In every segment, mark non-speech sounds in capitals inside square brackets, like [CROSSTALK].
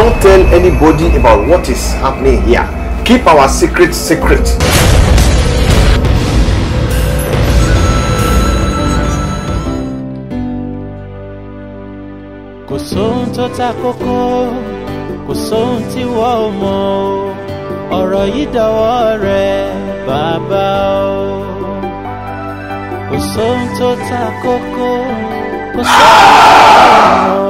don't tell anybody about what is happening here. Keep our secret secret. Kò ọ̀rọ̀ yìí dọ̀wọ́ rẹ̀ bàbá o. Kò sóhun tó ta kókó, kò sóhun tó ta kókó.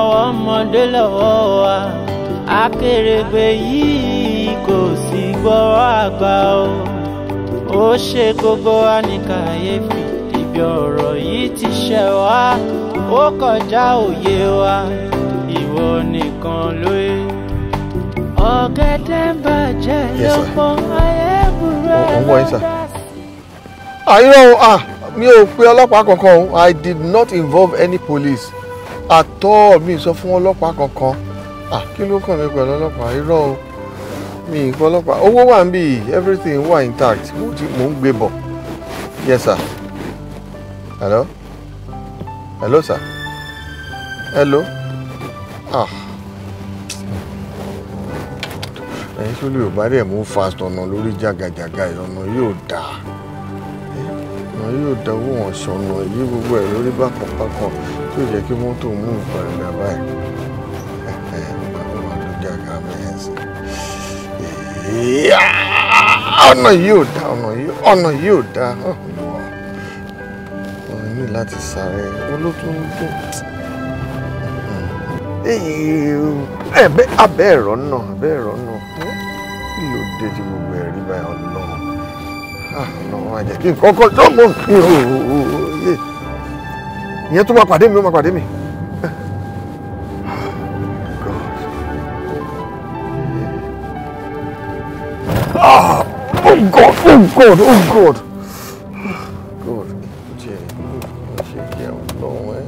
ọwọ́ ọmọdé lọ́wọ́ wa akérègbè yìí kò sí gbọ́rọ̀ àgbà o ó ṣe gbogbo wa ní kàyéfì ibi ọ̀rọ̀ yìí ti ṣẹ̀ wá ó kọjá òye wa ìwọ nìkan ló yẹ. ọ̀gẹ̀dẹ̀ ń bàjẹ́ ló pọ̀ ayé burú dá sí. àyíró mi ò pe ọlọ́pàá kankan o I did not involve any police àtọ́ mi sọ fún ọlọ́pàá kankan à kí ló kàn mí pẹ̀lú ọlọ́pàá irọ́ o mi ì gbọ́ ọlọ́pàá owó wà ń bì everything wà intact mo ti mò ń gbé bọ̀ yes sir hello hello sir hello ah ẹ̀yin tó lè bá rẹ̀ mú fast ọ̀nà lórí jàgàjàgà ìrọ̀nà yóò dáa ọ̀nà yóò dáa owó wọn sọ̀nà èyí gbogbo ẹ̀ lórí bákan bákan tó jẹ́ kí mọ́tò mú ìpàdé báyìí ọgbà tó máa ló jàgà mẹ́ẹ̀sì ọ̀nà yìí ò dá ọ̀nà yìí ọ̀nà yìí ò dá wọ́n ní láti sáré olótúndún hmm. abẹ́ ẹ̀rọ náà abẹ́ ẹ̀rọ náà kí ló dé tí gbogbo ẹ̀rí báyìí ọlọ́run ah, ọlọ́run àjẹ́ kí n kọ́kọ́ jọ́gbọ́n kí n yé ìyẹn tó máa pàdé mi ló máa pàdé mi. oh God, oh God, oh God. God, jẹ́ ìlú ṣe kí ẹ lọ́wọ́ ẹ.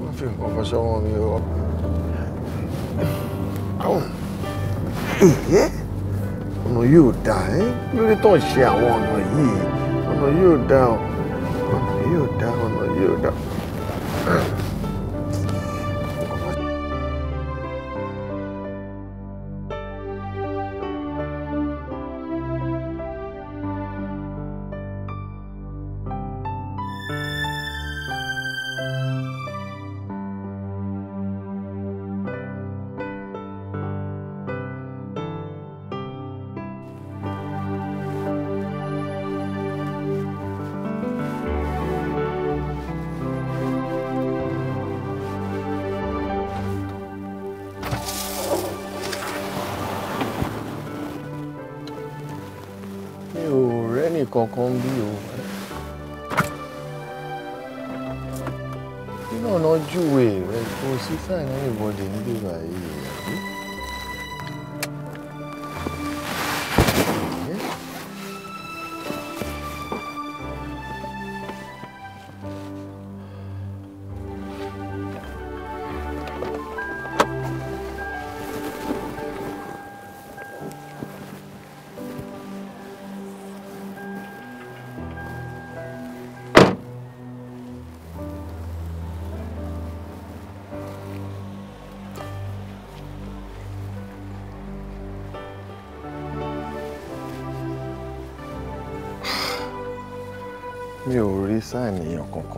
Wọ́n fi nǹkan fọṣọ wọn mi o. Eh? Ọ̀nà yóò dá ẹ́ eh? lórí tó ń ṣe àwọn ọ̀nà Earth.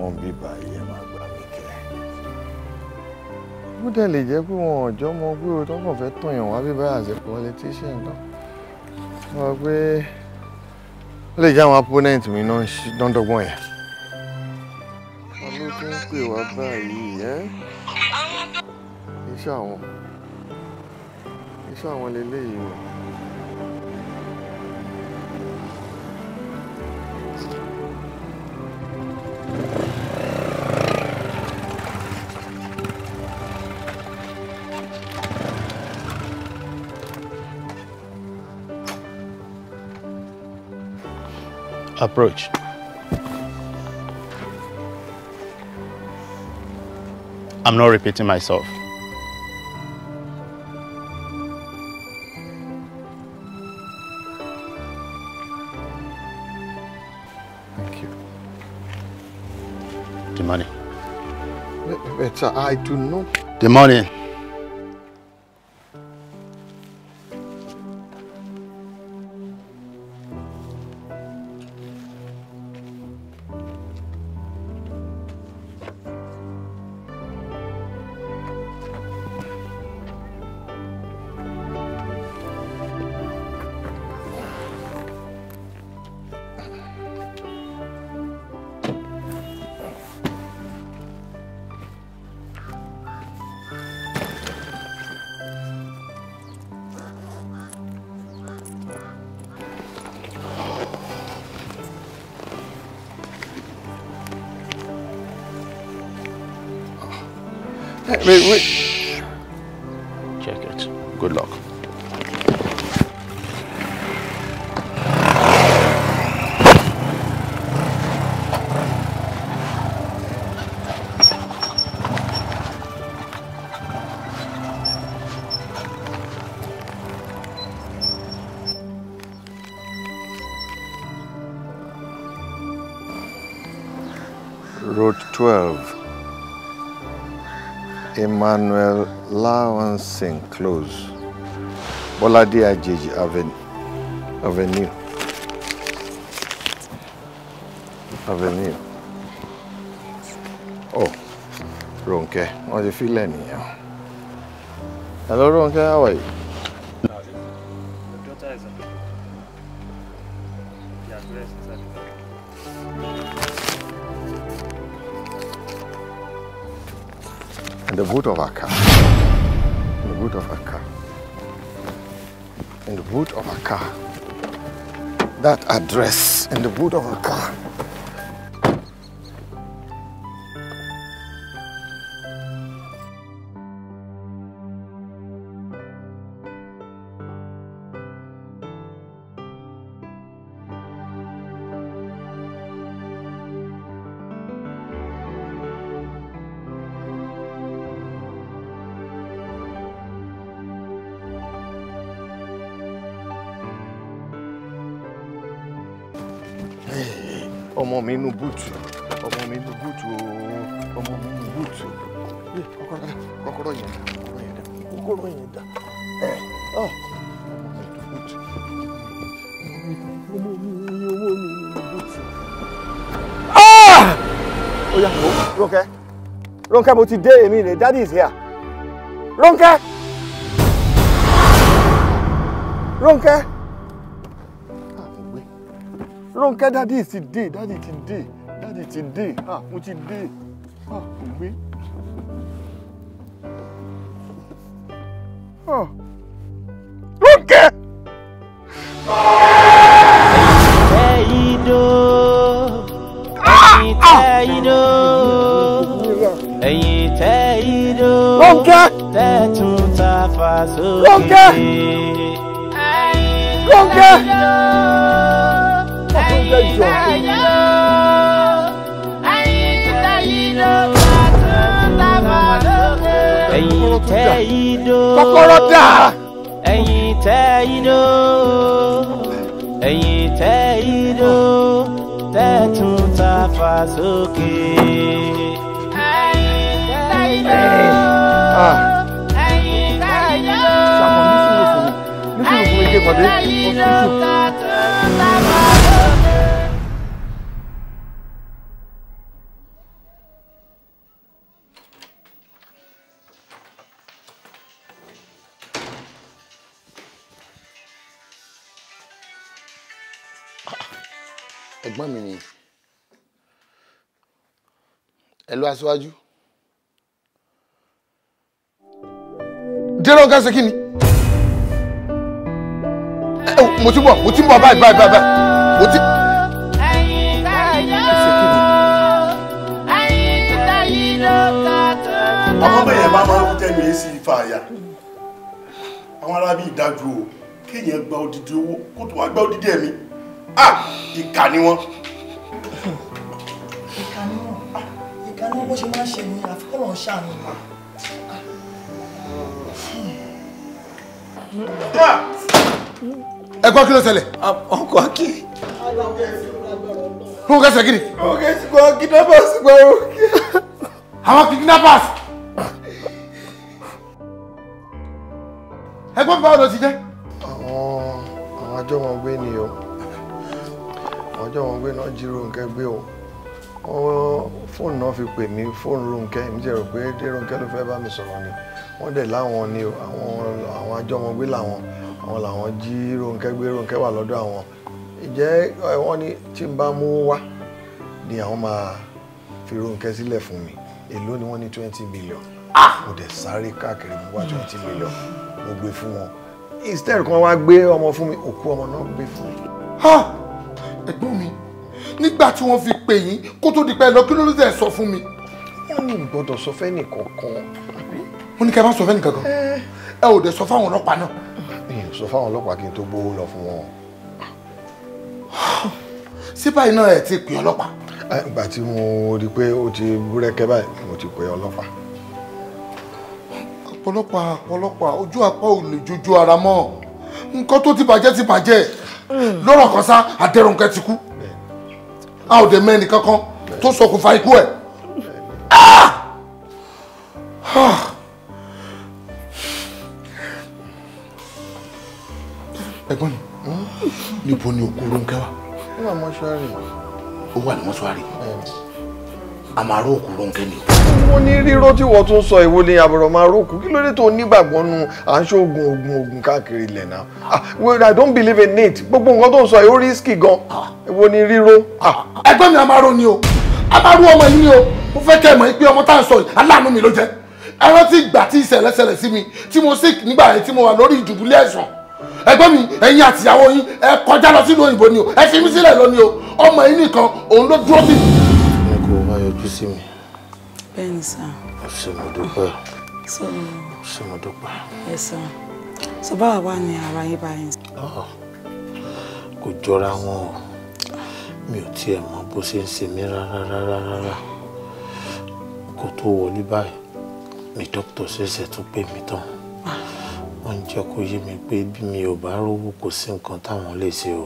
kan bí báyìí ẹ gbà mí kẹ́. ó dẹ̀ lè jẹ́ pé wọn ọ̀jọ́ mọ pé o tó kàn fẹ́ tàn yàn wá bí àṣẹ politician náà. wọ́n pé ó lè jẹ́ àwọn opponent mi náà dọ́gbọ́n yẹn. wọn ló tún ń pè wá báyìí ẹ́ iṣẹ́ àwọn iṣẹ́ àwọn lélẹ́yìí wọ̀. approach. I'm not repeating myself. Thank you. The money. Better, I do not. The money. Wait, wait. Emmanuel Lawanson Close, Bolade Ajeji Avenue. Avenue. Avenue Oh, Ronke, wọ́n you fi lẹ́nìyàn. Hello Ronke, how are you? the boot of our car. In the boot of our car. In the boot of our car. That address in the boot of our car. Ronke mo ti dé èmi rè daddy is here Ronke Ronke Ronke daddy ti dé daddy ti dé daddy ti dé ah mo ti dé ah mo gbé. Gòkè. Ẹ̀yin lẹ́yìn ẹ̀yin tẹ ido kọ́kọ́rọ́ dà ẹ̀yin tẹ ido ẹ̀yin tẹ ido tẹ tún ta fà sókè ẹ̀yin tẹ ido. pàdé. ẹ̀gbọ́n mi ni ẹ lọ aṣáájú. dẹ́rọ̀ ká ṣe kí ni mo ti bọ̀ mo ti bọ̀ báyìí báyìí báyìí mo ti. àwọn bẹ̀yẹn bá máa ń tẹnu èsì ìfààyà àwọn arábí ìdájú o kéèyàn gba odidi owó kó tó wá gba odidi ẹ̀mí à ìkà ni wọ́n. ìkà ni wọ́n ìkà ni wọ́n bó ṣe máa ń ṣe ní àfikún ọ̀hún ṣàánú. Yeah. ẹ gbọ́ kí ló ṣẹlẹ̀. ọkọ̀ akí. ó kẹsẹ̀ kiri. ọkụ kẹsẹ̀ ọkụ kidnappers gbọ́ òkè. àwọn kidnappers. ẹ gbọ́ báwo ló ti jẹ́. àwọn àwọn ọkụ wọn gbé ni o àwọn àjọ wọn gbé náà nǹkan gbé o fóònù náà fi pè mí fóònù mi rò pé dé ló bá mi wọ́n dẹ̀ láwọn ni àwọn àwọn ajọ́mọgbé làwọn àwọn làwọn jí Rónkẹ́ gbé Rónkẹ́ wà lọ́dọ̀ àwọn ìjẹ́ wọ́n ní tí n bá mú wá ni àwọn máa fi Rónkẹ́ sílẹ̀ fún mi èló ni wọ́n ní twenty million ah! mo dẹ̀ sáré káàkiri mo wá twenty million mo gbé fún wọn instead kan wá gbé ọmọ fún mi òkú ọmọ náà gbé fún mi. ẹ̀gbọ́n mi nígbà tí wọ́n fi pè yín kó tó di pẹ́ lọ kí ló ló dẹ̀ sọ fún mi. wọ́n ní ìgbọ́dọ̀ sọ fẹ́ nìkan kan ó ní kí ẹ má sọ fẹ́ nìkan kan eh. ẹ ò dẹ̀ sọ fáwọn ọlọ́pàá náà. èyí sọ fáwọn ọlọ́pàá kí n tó gbowó lọ fún wọn. sí báyìí náà ẹ ti pè ọlọ́pàá. Eh, ìgbà tí mo rí i pé ó ti búrẹ́kẹ́ báyìí mo ti pè ọlọ́pàá. ọ̀pọ̀lọpàá ọ̀pọ̀lọpàá ojú apá ò lè jojú ara mọ́ nǹkan tó ti bàjẹ́ ti bàjẹ́ hmm. lọ́rọ̀ kan sá àdẹrùnkẹ́ ti kú a ò dẹ̀ mẹ́ni kankan tó ṣokùnfà ikú ẹ̀. Ah! ah! ẹ̀gbọ́n mi níbo ni òkú Rónkẹ́ wà. ó wà mọ́ṣúárì. ó wà ní mọ́ṣúárì. a òkú Rónkẹ́ ni. wọ́n ní ríró tí wọ́n tún sọ ìwo ni àbọ̀rọ̀ máa rókù kí ló dé tó nígbàgbọ́ nu à ń ṣoògùn oògùn oògùn káàkiri ilẹ̀ náà ah well i don't believe in it gbogbo nǹkan tó ń sọ yìí ó risky gan ìwo ah. ni ríró. Ah. ẹ̀gbọ́n mi a ni o a ọmọ yìí ni o mo fẹ́ kẹ́ ẹ mọ̀ ọmọ tá à ń sọ yìí aláàánú mi ló jẹ́ ẹ rántí ìgbà tí ìṣẹ̀lẹ̀ ṣẹlẹ̀ sí mi tí mo sick nígbà yẹn tí mo wà lórí ìdùbúlẹ̀ ẹ̀sán ẹgbẹ́ mi ẹ̀yin àtìyàwó yín ẹ kọjá lọ sínú òyìnbó ni o ẹ fi mí sílẹ̀ lónìí o ọmọ yín nìkan òun ló dúró sí. ẹ kò wá yọjú sí mi. bẹ́ẹ̀ni sá. ẹ sọ ẹ ẹ sọ sọ báwa wà ní ara yín báyìí. Ah, kò jọra wọn o mi ò tiẹ̀ mọ bó ṣe ń ṣe mí rárá rárá tó wọlé báyìí ni dókítà ṣẹ̀ṣẹ̀ tún pè mí tán. Ah wọ́n jẹ́ kó yé mi pé bí mi ò bá rówó kò sí nǹkan táwọn lè ṣe o.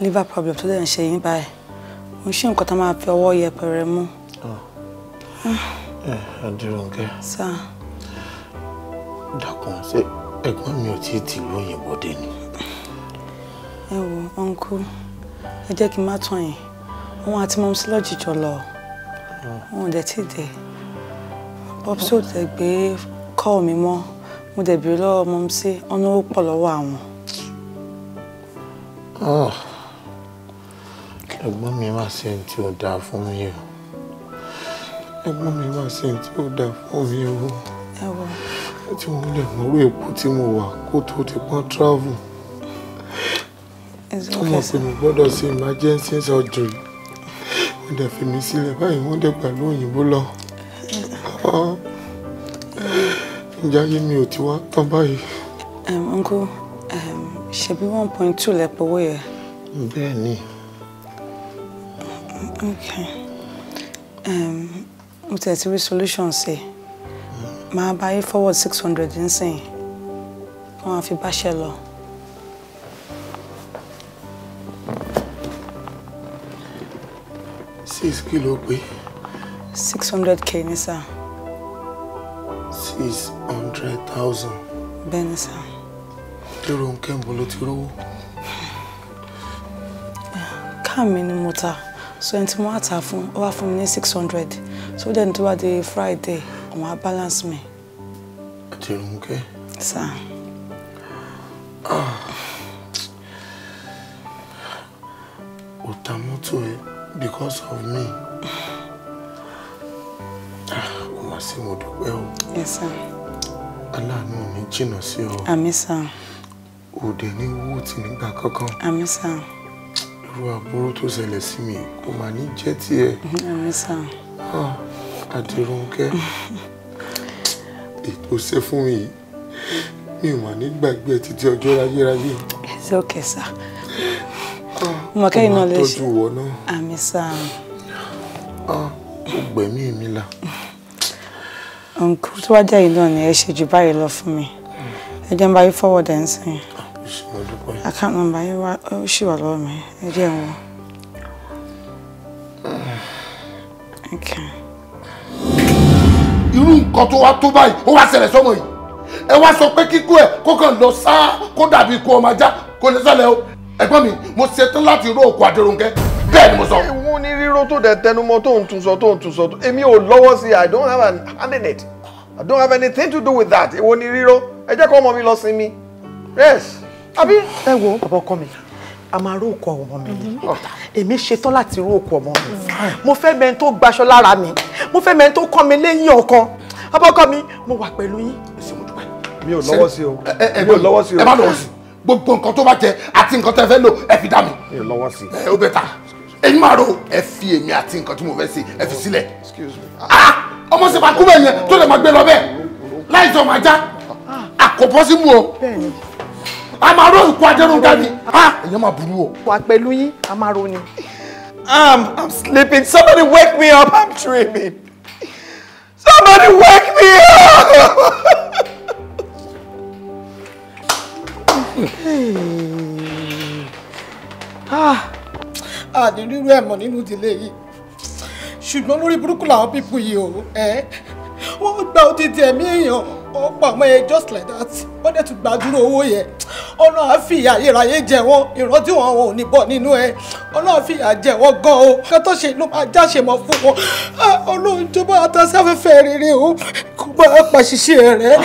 liver problem tó dẹ̀ ń ṣe yín báyìí mo ń ṣe nǹkan tá máa fi ọwọ́ yẹpẹrẹ mú. Ah. Eh, Adúrónkẹ́ dákun ṣé ẹ̀gbọ́n mi ò tí ì tìlú òyìnbó dé ni. ẹ wo uncle ẹ jẹ́ kí n má tàn yín òun àti mọ́mísí lọ́jì jọ lọ wọn ò dẹ̀ tí ì dé popsi ò gbé kọ́ mi mọ́ mo dẹ̀ béèrè lọ́wọ́ ọmọ mi sí ọ̀nà ó pọ̀ lọ́wọ́ àwọn. Ah. ẹ̀gbọ́n mi máa ṣe ohun tí ó dáa fún mi o ẹ̀gbọ́n mi máa ṣe ohun tí ó dáa fún mi o tí mo lè mú orí èkó tí mo wà kó tó ti pọ́n travel tó pé mo gbọ́dọ̀ ṣe emergency surgery wọ́n dẹ̀ fi mí sílẹ̀ báyìí wọ́n dẹ̀ pẹ̀lú òyìnbó lọ. ǹjẹ́ ayé mi ò ti wá tán báyìí. ǹkó ṣebí one point two lẹ pọ̀wó yẹ. bẹ́ẹ̀ ni. okay mo tẹ̀ ti rí solution sí i máa bá yí forward six hundred nísìnyí kí wọ́n á fi báṣẹ́ lọ. six kilo, ló six hundred k ní sà. six hundred thousand. bẹ́ẹ̀ ni sà. lérò nǹkan ìbò ló ti rówó. káà mi ni mo ta so ẹni tí wọ́n á ta fún ọ wá fún mi ní six hundred so then tó bá di friday àwọn á balance mi. àti Rónkẹ́. sà. Ah. ó ta mọ́tò ẹ̀ because of me. Ó ah, mà sí mo dúpẹ́ o. Yes sir. Aláàánú mi jìnnà sí ọ. Àmín sir. Òde ní wú ti nígbà kankan. Àmín sir. Irú àbúrò tó ṣẹlẹ̀ sí mi kò mà ní jẹ́ tiẹ̀. [LAUGHS] Àmín sir. Àdìrúnkẹ́. Ah, ètò ṣe fún mi yìí mi ò mà ní gbàgbé ẹ títí ọjọ́ ráyéráyé. It's okay sir mọ̀ kẹ́yìn náà lè ṣe tọ́jú wọ náà àmì sáà ah, ó gbẹ̀mí mi là. nǹkan tó wá jẹ́ yìí náà ni ẹ ṣe jù báyìí lọ fún mi ẹ jẹ́ ń bá yín fọwọ́ dẹ̀ ń sìn ah, account number yín wá ó ṣì wà lọ́wọ́ mi ẹ jẹ́ ń wọ. irú nǹkan tó wá tó báyìí ó wá ṣẹlẹ̀ sọ́mọ yìí ẹ wá sọ pé kíkú ẹ̀ kó kàn lọ sáá kó dàbí ikú ọmọ ajá kó lè ṣẹlẹ̀ o ẹ̀gbọ́n mi mo ṣetán láti ró òkú Adérónkẹ́ bẹ́ẹ̀ ni mo sọ. ìwọ ni ríró tó dẹ tẹnumọ́ tó ń tún sọ tó ń tún sọ èmi ò lọ́wọ́ sí i don't have an hand it i don't have anything to do with that ìwọ ni ríró ẹ jẹ́ kó ọmọ mi lọ sinmi yes àbí. ẹ wo bàbá ọkọ mi a máa ró òkú ọmọ mi ni mm-hmm. oh. èmi ṣetán láti ró òkú ọmọ mi mo fẹ́ mẹ́ni tó gbaṣọ lára mi mo fẹ́ mẹ́ni tó kọ́ mi lẹ́yìn ọ̀kan abọ́kọ́ mi mo wà pẹ̀lú yín. mi ò lọ́wọ́ sí o mi ò lọ́wọ́ sí o. ẹ má lọ́wọ́ sí i gbogbo nǹkan tó bá jẹ àti nǹkan tẹ́ fẹ́ lò ẹ fi dá mi. ẹ lọ́wọ́ sí. ẹ ó bẹ ta ẹ̀yin máa ro ẹ fi èmi àti nǹkan tí mo fẹ́ sí ẹ fi sílẹ̀. Ah, ọmọ sì máa kú bẹ́ẹ̀ yẹn tó lè máa gbé lọ bẹ́ẹ̀ láì jọ máa já àkọ́bọ́ sí mu o a máa ro ìkú ajẹ́rùnká ni ah, ẹ̀yẹ́ máa burú o. wà pẹ̀lú yín a máa ro ni. I'm, I'm sleeping. Somebody wake me up. I'm dreaming. Somebody wake me up. [LAUGHS] àdínrírú ah, ẹ̀mọ́ nínú ìdílé yìí ṣùgbọ́n lórí burúkú làwọn pípù yìí o wọ́n gba odidi ẹ̀mí èèyàn wọ́n pa àwọn ẹyẹ just like that wọ́n dẹ̀ tún gbàdúrà owó yẹn ọ̀nà àfìyà ìráyé jẹ wọ́n ìrántí wọn wọn you, ní bọ̀ nínú ẹ ọ̀nà àfìyà jẹ wọ́n gan I kan tó ṣe ló máa jáṣe mọ́ fún wọn ah, ọlọ́run tó bá ta sáfẹ́fẹ́ rere o kó bá a pa share, eh?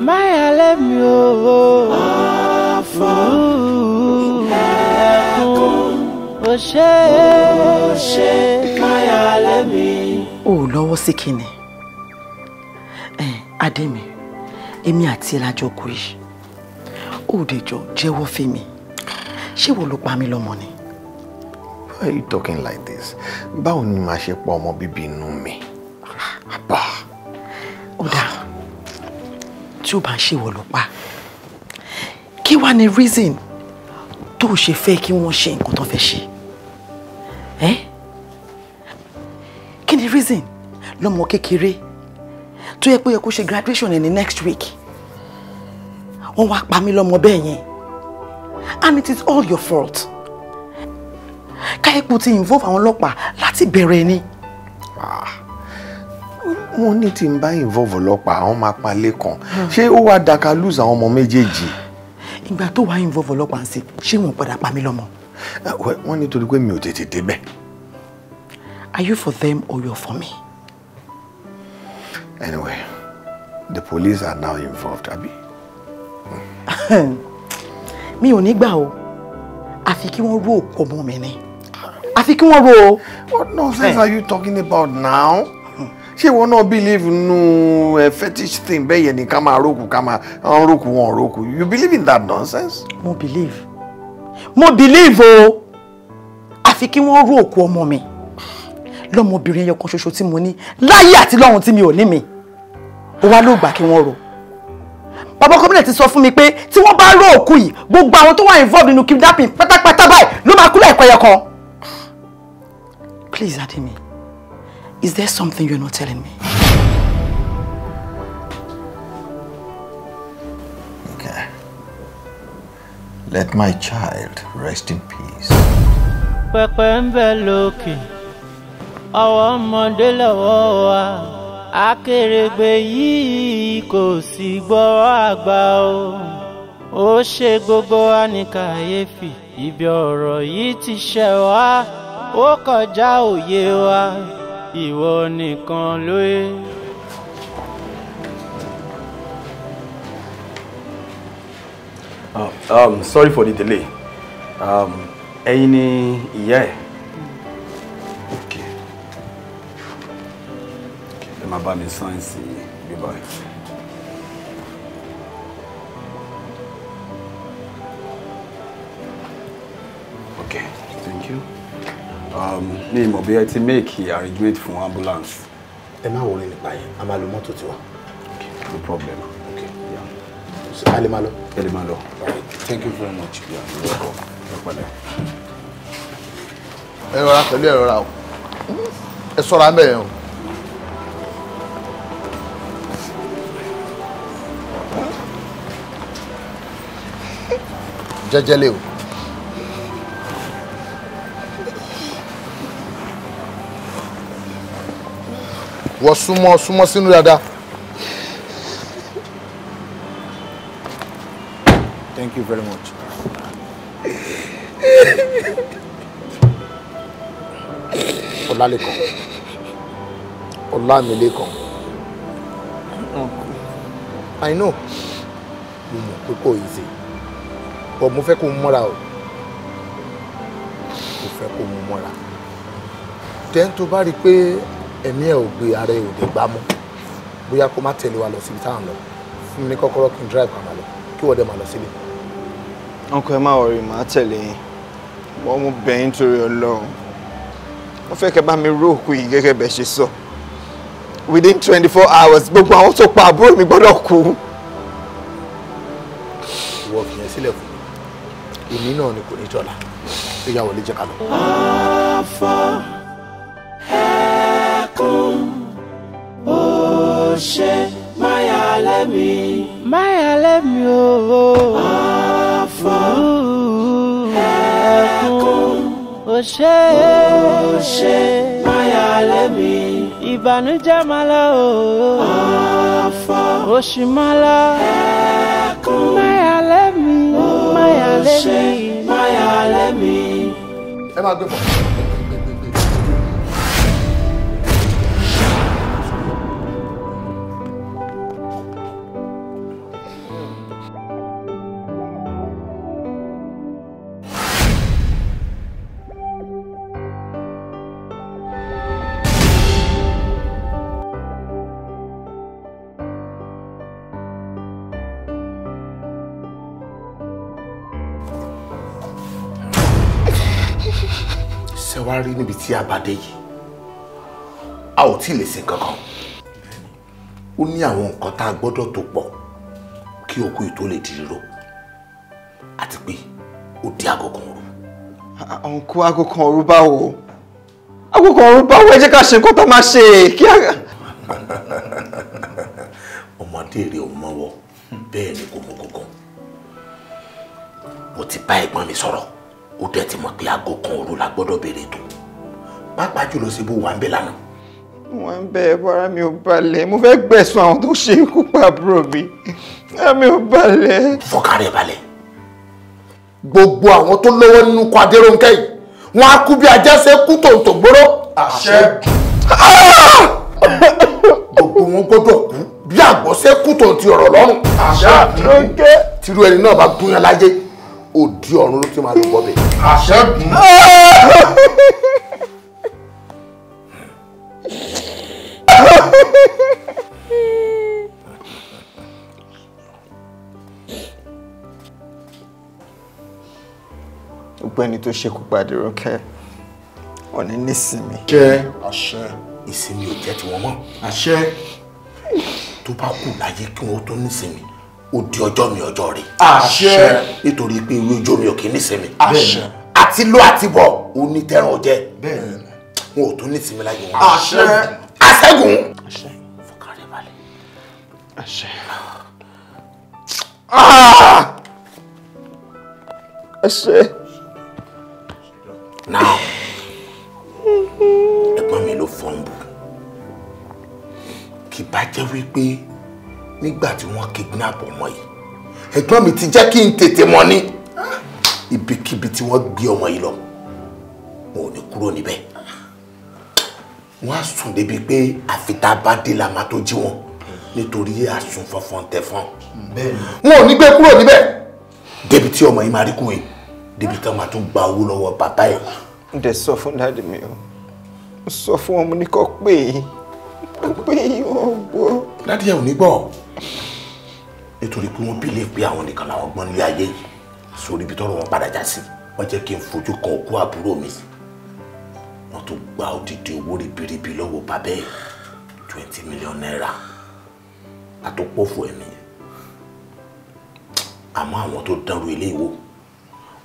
máyà lẹ́mi o. o ṣe o ṣe máyà lẹ́mi. o lọ́wọ́ sí kinní adémi èmi àti ẹ lájọ kú yìí ó dẹjọ jẹ́wọ́ fèmí ṣé wo ló pa mí lọ́mọ ni are you talking like this? báwo ni màá ṣe pa ọmọ bíbí inú mi? àbá. ó tí ó bá ń ṣèwọ ló pa kí wàá ní reason tó ṣe fẹ́ kí wọ́n ṣe nǹkan tó fẹ́ ṣe kí ni reason lọ́mọ kékeré tó yẹ pé yẹ kó ṣe graduation ẹ̀ ní next week wọ́n wá pa mí lọ́mọ bẹ́ẹ̀ yẹn and it is all your fault káyọ̀pù ti involve àwọn ọlọ́pàá láti bẹ̀rẹ̀ ni. Ah. wọ́n ní tí n bá involve ọlọ́pàá àwọn máa palẹ̀ kan hmm. ṣé ó wàá daka lose àwọn ọmọ méjèèjì. ìgbà tó wàá involve ọlọ́pàá sí ṣé wọn padà pa mí lọ́mọ. Eh, wọ́n nítorí pé mi ò tètè débẹ̀. are you for them or you for me. anyway the police are now involved abi. [LAUGHS] mi ò ní gbà o àfi kí wọ́n rú òkú ọmọ mi ni àfi kí wọ́n ro o. what nonsense are you talking about now? ṣé ìwọ náà believe nínú ẹ fetish thing bẹ́ẹ̀ yẹn ni ká máa rókù ká máa ń wọn rókù you believe in that nonsense? mo believe mo believe o àfi kí wọ́n ró òkú ọmọ mi lọ́mọbìnrin ẹyọ kan ṣoṣo tí mo ní láyé àti lọ́run tí mi ò ní mi ó wá ló gbà kí wọ́n rò bàbá gómìnà ti sọ fún mi pé tí wọ́n bá ró òkú yìí gbogbo àwọn tó wà involved nínú kidnapping pátápátá báyìí ló máa kú lẹ́ẹ̀kọ́ ẹyọ kan. Please, Adimi. Is there something you're not telling me? Okay. Let my child rest in peace. Pẹ̀pẹ̀ ń bẹ lókè, ọwọ́ ọmọdé lọ́wọ́ wa, akérègbè yìí o. Ó ṣe gbogbo wa ibi ọ̀rọ̀ yìí ti ó kọjá òye wa ìwọ nìkan lóye. Um, ah, um, sorry for the delay. Um, ẹ̀yin ni ìyá ẹ̀. Okay. Ẹ máa bá mi sáyẹ̀nsì bíbáyìí. Um, mi mọ̀ bí ẹ ti make arrangement fún ambulance. ẹ má wọlé nípa yẹn a máa lo mọ́tò tiwa. okay no problem. okay yeah. a lè máa lọ. ẹ lè máa lọ. thank you very much. ẹ rọra pẹ̀lú ẹ rọra o ẹ sọ̀rọ̀ abẹ́ yẹn o. jẹ́jẹ́ lé o. wọ́n súnmọ́ súnmọ́ sínú dáadáa. Thank you very much. Ọlálékan Ọlámilékan I know mo mọ̀ pé kò easy but mo fẹ́ kó mọ́ra o mo fẹ́ kó mọ́ra then tó bá rí i pé Emi ẹ̀ ò gbé ara ẹ̀ ò dé gbá bóyá kó má tẹ̀lé wa lọ síbi táwọn lọ fún mi kọ́kọ́rọ́ kí n drive kàn máa lọ kí wọ́n dẹ̀ máa lọ síbi. ọkọ ẹ má wọrí màá tẹ̀lé yín mú bẹ̀yìn torí ọlọ́run wọ́n fẹ́ bá mi rú òkú yìí gẹ́gẹ́ bẹ́ẹ̀ ṣe sọ within twenty four hours gbogbo àwọn tó pa àbúrò mi gbọ́dọ̀ kú. ìwọ fi yẹn sílẹ̀ fún mi náà ni kò ní jọ̀la ìyàwó lè jẹ́ ká lọ. ṣe máyà lẹ́mi. máyà lẹ́mi o. àfọ̀ ẹ̀kún. o ṣe o ṣe máyà lẹ́mi. ìbànújẹ́ máa lọ o. àfọ̀ oṣù máa lọ. ẹ̀kún. máyà lẹ́mi. mi. lẹ́mi. o ṣe máyà lẹ́mi. ẹ máa gbé pọ̀. wá rí níbi tí a bá dé yìí a ò tí ì lè ṣe kankan ó ní àwọn nǹkan tá a gbọ́dọ̀ tó pọ̀ kí òkú yìí tó lè di ríro àti pé ó di aago kan òru. ọ̀nkú aago kan òru báwo aago kan òru báwo ẹ jẹ́ ká ṣe nǹkan tó máa ṣe kí a. [LAUGHS] ọmọdé rẹ ò mọwọ bẹ́ẹ̀ ni kò mọ kankan mo ti bá ẹ̀gbọ́n mi sọ̀rọ̀ ó dẹ̀ ti mọ̀ pé aago kan òru la gbọ́dọ̀ béèrè tó pàápàá jùlọ síbú wà ń bẹ lánàá. wọ́n ń bẹ ẹ̀bọ́ra mi ò balẹ̀ mo fẹ́ gbẹ̀sùn àwọn tó ṣe ikú pa àbúrò mi ara mi ò balẹ̀. fọkàrẹ̀ balẹ̀ gbogbo àwọn tó lọ́wọ́ nínú ikú Adérónkẹ́ yìí wọ́n á kú bí ajá ṣe kú tòǹtò gbóró. àṣẹ gbogbo wọn gbọ́dọ̀ kú bí àgbọ̀ṣe kú tòǹtì ọ̀rọ̀ lọ́rùn. àṣẹ tìrú ẹni náà bá gúnyan láyé òdi ọ̀run ló ti máa lò bọ́bẹ̀. àṣẹ́gun. gbogbo ẹni tó ṣekú pa Adérónkẹ́ ọ̀ní nísìmí. jẹ́ àṣẹ. ìsinmi ò jẹ́ tiwọn mọ́. àṣẹ. tó bá kù láyé kí wọ́n tó nísìmí ó di ọjọ́ mi ọjọ́ rẹ̀. àṣẹ. nítorí pé irú ijó mi ò kì í nísinmi. àṣẹ. àti lọ àti bọ̀ ó ní tẹran ọjẹ. bẹ́ẹ̀ni. wọn ò tún nísinmi láyé wọn. àṣẹ. àṣẹgùn. àṣẹ. fọkàn rẹ balẹ̀. àṣẹ. Ah! àṣẹ. náà ẹ̀gbọ́n mi ló fọ́n bù kì bá jẹ́ wípé nígbà tí wọ́n kidnap ọmọ yìí ẹ̀gbọ́n mi ti jẹ́ kí n tètè mọ̀ ní ibikíbi tí wọ́n gbé ọmọ yìí lọ wọn ò ní kúrò níbẹ̀ wọ́n á sùn débi pé àfitá bá dé la máa tó jí wọn nítorí àsùn fọnfọn tẹfọn wọn ò ní gbé kúrò níbẹ̀ débi tí ọmọ yìí máa rí kúwe débi tí wọ́n máa tún gba owó lọ́wọ́ bàbá ẹ̀. n dẹ̀ sọ fún dáàdì mi o sọ fún ọmọ ní kò pé é pé é dáàdì ẹ ò ní gbọ́ nítorí pé wọ́n bìlẹ̀ pé àwọn nìkan làwọn gbọ́n nílé ayé yìí sórí ibi tọ́rọ̀ wọn padà já sí wọ́n jẹ́ kí n fojú kan òkú àbúrò mi wọ́n tún gba odidi owó ribiribi lọ́wọ́ bàbá ẹ̀ twenty million naira àtòpọ̀fọ̀ ẹ̀mí àmọ́ àwọn tó dánrú ilé ìwò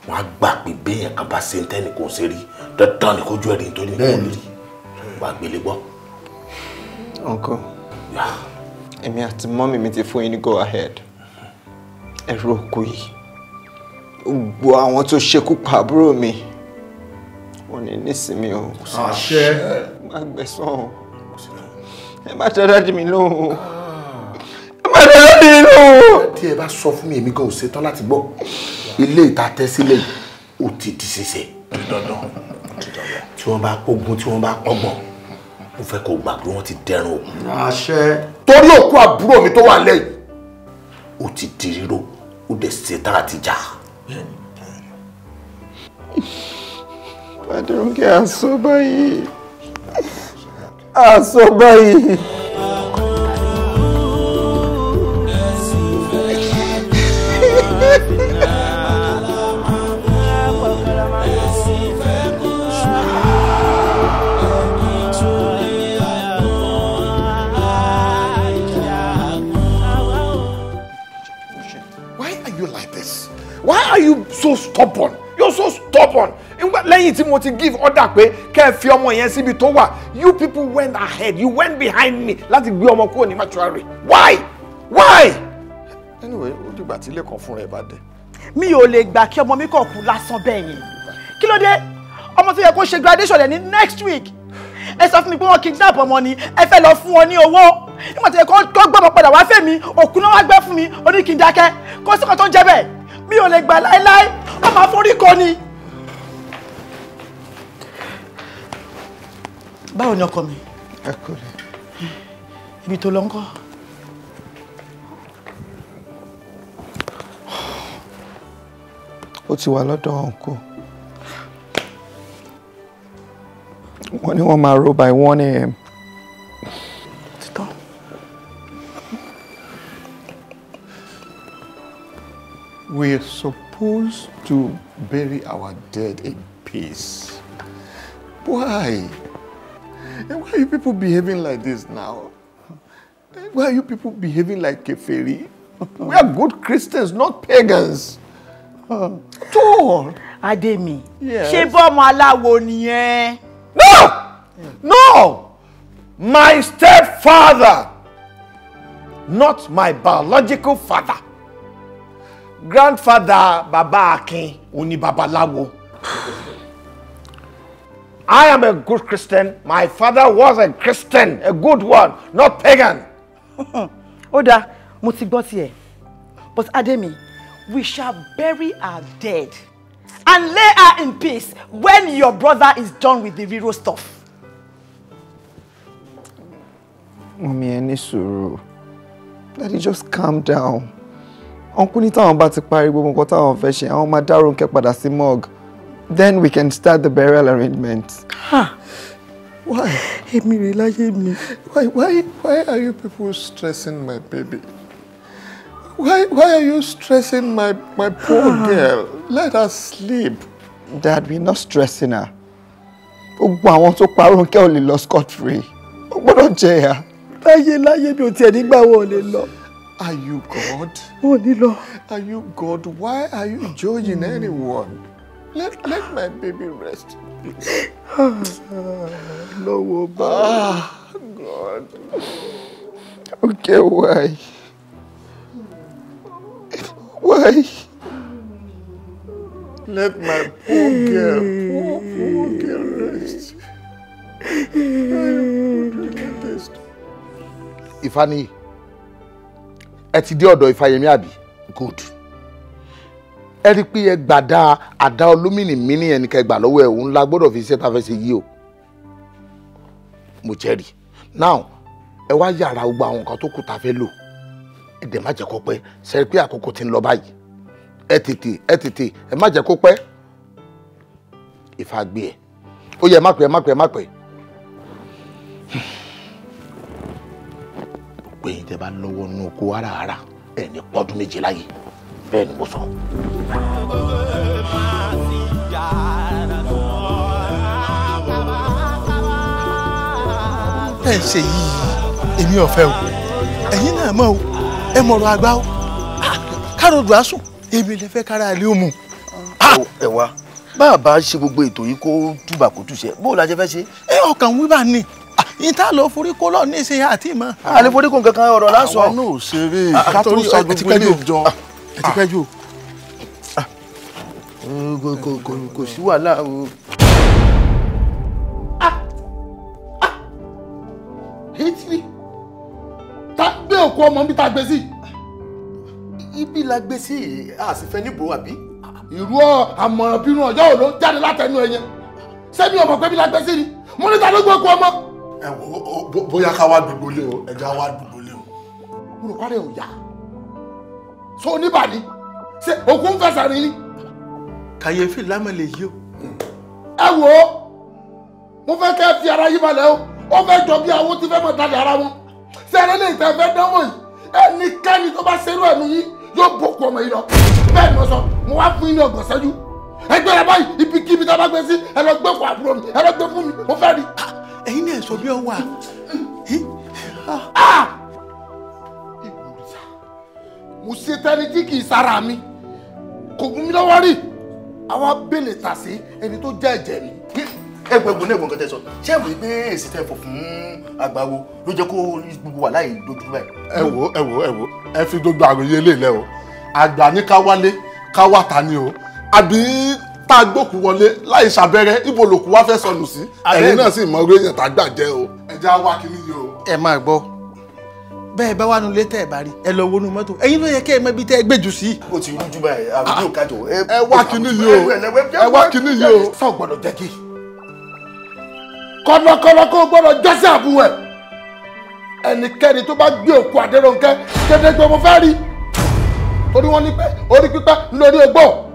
wọ́n á gbà pé béèyàn kan bá ṣe ń tẹ́nì kò ṣe rí dandan ni kójú ẹ̀rí nítorí nítorí wàá gbélé gbọ́. ọkọ. yàrá èmi àti mọ́mì mi ti fún yín ní go ahead ẹ̀rọ òkú yìí gbogbo àwọn tó ṣekú pa àbúrò mi wọn ní nísìmí o. àṣẹ. má gbẹ̀sán o ẹ má dáadáa dì mí lóhùn o ẹ má dáadáa dì mí lóhùn o. tí ẹ bá sọ fún mi èmi gan ò ṣetán láti gbọ́ ilé ìta tẹ́ sílẹ̀ ó ti di ṣíṣe dandan tí wọ́n bá kógun tí wọ́n bá kọ́gbọ́n mo fẹ́ kó gbà pé wọ́n ti dẹrùn òkú. àṣẹ. torí òkú àbúrò mi tó wà lẹ́yìn ó ti di ríro ó dẹ̀ ṣe tán àti jà. Adérónkẹ́ àsọ báyìí àsọ báyìí. are you so stubborn you are so stubborn lẹ́yìn tí mo ti give order pé kẹ́ ẹ fi ọmọ yẹn síbi tó wà you people went ahead you went behind me láti gbé ọmọ kúrò ní mortuary why why. anyway ó dìgbà tí ilé kan fúnra ẹ bá dé. mi ò lè gbà kí ọmọ mi kàn kú lásán bẹ́ẹ̀ yẹn kí ló dé ọmọ tó yẹ kó ṣe graduation ẹ̀ ní next week ẹ sọ fún mi pé wọn kidnap ọmọ ni ẹ fẹ́ lọ fún wọn ní owó nígbà tó yẹ kó gbọ́mọ padà wá fẹ́ mi òkú náà wá gbẹ́ fún mi oníkìndákẹ́ kó sọ́kàn tó ń jẹ́ bẹ́ẹ̀ mi ò lè gbà láéláé ọmọ àforíkọ ni. báwo ni ọkọ mi. ẹ kú rẹ. ibi tó lọ ń kọ́. ó ti wà lọ́dọ̀ ọ̀nkò wọ́n ní wọ́n máa ro by one a.m. we are supposed to bury our dead in peace. Why? And why are you people behaving like this now? Why are you people behaving like keferi? [LAUGHS] we are good Christians, not pagans. Uh, Ademi, ṣé bọ́mọ aláwo No! No! My stepfather, not my biological father grandfather baba akin òun ni i am a good christian my father was a christian a good one not pagan. Oda, [LAUGHS] dáa mo ti gbọ́ tiẹ̀ but ademi we shall bury our dead and lay her in peace when your brother is done with the riro stuff. mummy ẹ ní daddy just calm down uncle ní táwọn bá ti parí gbogbo nǹkan táwọn fẹ́ ṣe àwọn máa dá Rónkẹ́ padà sí morgue then we can start the burial arrangement. Ah. Why? Èmi rè láyé mi. Why, why, why are you people stressing my baby? Why, why are you stressing my, my poor girl? Let her sleep. Dad, we're not stressing her. Gbogbo àwọn tó pa Rónkẹ́ ò lè lọ scot free. Ó gbọ́dọ̀ jẹ ìyà. Láyé láyé mi ò tiẹ̀ nígbà wo ò lè lọ. Are you God? Oh, Nilo. Are you God? Why are you judging mm. anyone? Let, let my baby rest. no, [SIGHS] woman. Ah, God. Okay, why? Why? Let my poor girl, poor, poor girl rest. I will rest. Ifani ẹ ti dé ọ̀dọ̀ Ifáyẹmí àbí good ẹ rí i pé ẹ gbàdá àdá olómìnì mi ní ẹnì kẹgbà lọ́wọ́ ẹ̀ òun la gbọ́dọ̀ fi iṣẹ́ ta ṣe yìí o mo jẹ́rìí now ẹ wá yàrá gbogbo àwọn nǹkan tó kù ta fẹ́ lò ẹ dẹ̀ má jẹ́ kó pẹ́ ṣe pé àkókò ti ń lọ báyìí ẹ tètè ẹ tètè ẹ má jẹ́ kó pẹ́ ìfàgbé ẹ ó yẹ má pẹ́ má pẹ́ má pẹ́ pé tẹ bá lọ́wọ́ nú oko háràhárà ẹ̀ ní pọ́dún méje láyé bẹ́ẹ̀ ni mo sọ. ẹ ṣe yìí èmi ọ̀fẹ́ o ẹ̀yin náà mọ̀ o ẹ mọ̀rọ̀ àgbà o kárọ̀dù àsùn èmi lè fẹ́ kára ilé òmu. ẹ wá bá a bá ṣe gbogbo ètò yìí kó túbà kó túṣẹ bó o lajẹ fẹ́ ṣe. ẹ ọkàn wíwà ni ìta ló forí kó lọ ní ìṣe àti ìmọ̀. àlè forí kó nǹkan kan ọ̀rọ̀ lásán. àwọn náà ṣeré ah, kátó sọ gbogbo ilé ìjọ ẹtí pẹ́jù. kò sí wàhálà o. Ah, ah. hitri ta gbé òkú ọmọ mi ta gbé sí. ibi la gbé sí àsìfẹ́ níbo àbí. ìrú àmọ̀ràn bínú ọjọ́ òun ló jáde látẹnu ẹ̀yẹn sẹ́mi ọmọ pẹ́bí la gbé sí ni mo ní ta ló gbé òkú ọmọ ẹ wo bóyá ká wá dùgbò o ẹja wá dùgbò lé o. mo rò párẹ̀ ò yá so oníbàdí ṣe òkú ń fẹsẹ̀ rìn ni. kàyéfì lámẹ̀lẹ̀ yìí o. ẹ wo mo fẹ́ kẹ́ fi ara yí balẹ̀ o ó fẹ́ jọ bí àwọn tí fẹ́ mọ̀ dalẹ̀ ara wọn ṣé ẹ̀rẹ́ lè tẹ̀ fẹ́ dánwò yìí ẹnikẹ́ni tó bá ṣerú ẹ̀mí yìí yóò bòkú ọmọ yìí lọ bẹ́ẹ̀ ni mo sọ mo wá fún yín ní ọgbọ̀n sẹ́jú ẹgbẹ́ rẹ báyìí ibikíbi tá a bá gbé sí ẹ lọ gbé fún àbúrò mi ẹ lọ gbé fún mi mo fẹ́ rí ẹ̀yin náà sọ bí ọ wà. Ah! mo ṣe tẹ́ni tí kì í sára mi kò gún mi lọ́wọ́ rí àwa bèlè tà sí ẹni tó jẹ́ ẹ̀jẹ̀ mi. ẹgbẹ̀gbọ̀n náà gbọ̀ngàn tẹ sọ ṣé ìwé gbé èsì tẹ fọ fún agbawo ló jẹ́ kó gbogbo wà láì dojú báyìí. ẹ wo ẹ wo ẹ wo ẹ fi gbogbo àròyé lè lẹ o àgbà ní ká wálé ká wà ta o àbí tá a gbókù wọlé láì ṣàbẹ̀rẹ̀ ibo lòkù wá fẹ́ sọnù sí ẹ̀yin náà sì mọ orí èèyàn tá a gbà jẹ́ o. ẹ já wá kí ni yìí o. ẹ máa gbọ́ bẹ́ẹ̀ bá wà nù létẹ̀ ẹ̀ bá rí ẹ lọ wọnú mọ́tò ẹ̀yin ló yẹ kẹ́ ẹ mọ ibi tẹ́ ẹ gbèjù sí. o ti rújú báyìí àbúrò kájọ. ẹ wá kíní yìí o ẹ wá kíní yìí o. sọ gbọ́dọ̀ jẹ kí. kọlọkọlọ kó gbọ́dọ̀ jọsẹ àbúrò ẹ ẹnikẹ́ni tó bá gbé òkú Adérónkẹ́ kéde gbọmọ rí torí wọn ní pẹ orí pípẹ lórí ogbó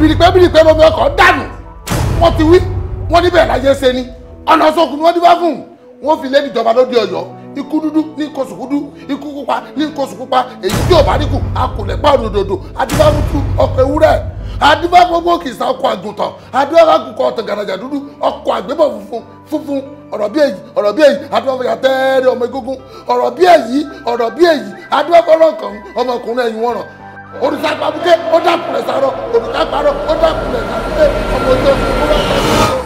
bìrìpẹ́ bìrìpẹ́ bọ́bí ọkọ̀ dànù wọ́n ti wí wọ́n níbẹ̀ láyé ṣe ni ọ̀nà sọkùn ni wọ́n dífá fún wọ́n fi lédi ìjọba lóde ọ̀yọ́ ikú dúdú ní kóṣù dúdú ikú pupa ní kóṣù pupa èyí tí ò bá dínkù akùnlẹ̀ pààrọ̀ òdòdó adífáfútú ọkọ̀ ewúrẹ́ adífá gbogbo kìsà ọkọ̀ àgùntàn adífá kùkọ ọ̀tàn gàdàjà dúdú ọkọ̀ àgbébọ̀ funfun funfun ọ̀rọ̀ bí èyí ọ̀rọ̀ bí èyí adúláfọ̀yà tẹ́ẹ̀rẹ̀ ọmọ egúngún ọ̀rọ̀ bí èyí ọ̀rọ̀ bí èyí adúláfọ̀rọ̀ kan ọmọkùnrin ẹ̀yìn wọ̀ràn òrùka pàbùké ó dàkùnrẹ̀ sàrọ̀ òrùka parọ́ ó dàkùnrẹ̀ sàrọ̀ ọmọ tó kúrò pàbùké.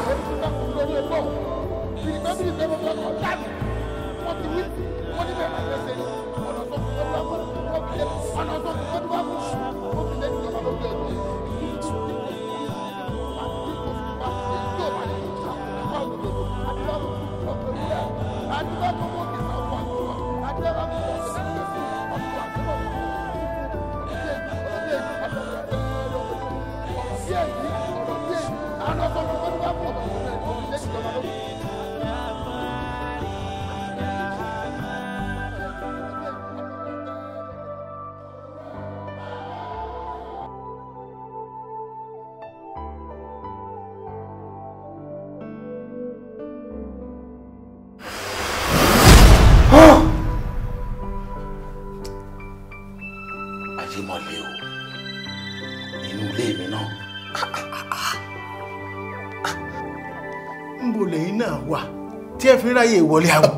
ráyè wọlé àwọ̀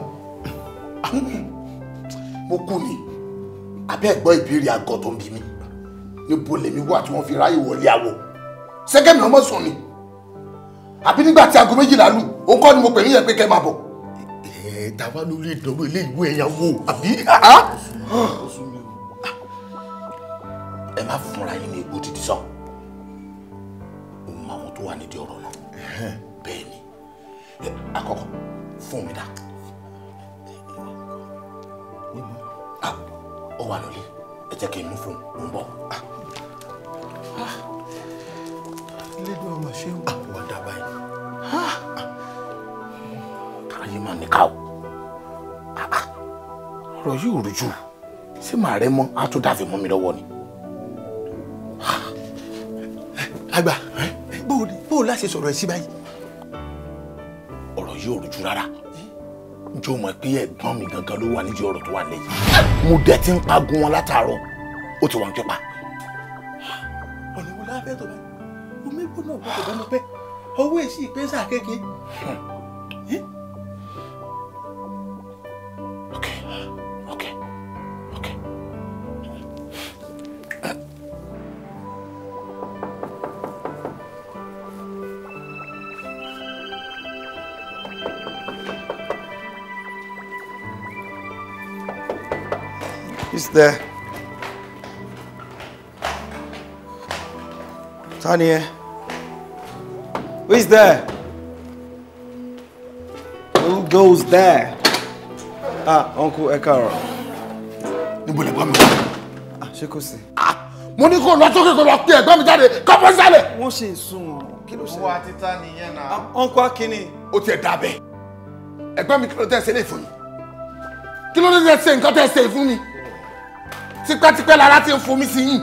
mo kú ni abẹ́ ẹ̀gbọ́n ìbéèrè àgọ́ tó ń bí mi níbo lèmi wà tí wọ́n fi ráyè wọlé àwọ̀ sẹ́kẹ̀mì ọmọ sùn ni àbí nígbà tí aago méjìlá lù ó kọ́ ni mo pè ní yẹn pé kẹ́ máa bọ̀. ẹ ẹ tàwa ló lè dọ̀rọ̀ ilé ìwé ẹ̀yàwó àbí. Ah! ẹ má fúnra yín ní egbò títí sàn ó mọ àwọn tó wà nídìí ọ̀rọ̀ náà bẹ́ẹ̀ ni àkọ́kọ́ fún mi dá. Ah, ó wà lórí ẹ jẹ́ kí n mú fún un bọ̀. Ah. Ah. lẹ́dọ̀ ọmọ ṣé o. wà á dábàá yìí. ayé máa ní ká o. ọ̀rọ̀ yìí ò rújú ṣé màá rẹ mọ́ á tún dàbí mọ́ mi lọ́wọ́ ni. àgbà bó o láṣẹ sọ̀rọ̀ ẹ̀ sí báyìí ọ̀rọ̀ yóò rújú rárá njó mọ̀ pé ẹ̀gbọ́n mi gangan ló wà nídìí ọ̀rọ̀ tó wà lẹ́yìn mo dẹ̀ ti ń pagun wọn látàárọ̀ ó ti wà ń pípa. ọ̀nà wo láfẹ́ tó bẹ́ẹ̀ omi gbóná ọ̀gbọ́n tó bá mo pẹ́ owó èsì ìpẹ́sà kékeré. Hmm. Biz there? Tanya. Who is there? Who goes there? Ah, uncle Ekaro. Níbo lẹ̀gbọ́n mi wá? Ah, ṣé kò sí? Ah, mo ní kó lọ sókè kó lọ pé ẹ̀gbọ́n mi jáde kọ́pọ̀ what Wọ́n ṣe ìsun kí ló ṣe? Owó atita nìyẹn náà. Ah, uncle Akínní. Ó tiẹ̀ dábẹ́. Ẹ̀gbọ́n mi kí ló tẹ̀ ṣe lè fún mi? Kí ló tẹ̀ ṣe nǹkan tẹ̀ ṣe fún mi? tipẹ́tipẹ́ lára ti ń fomi sí yìí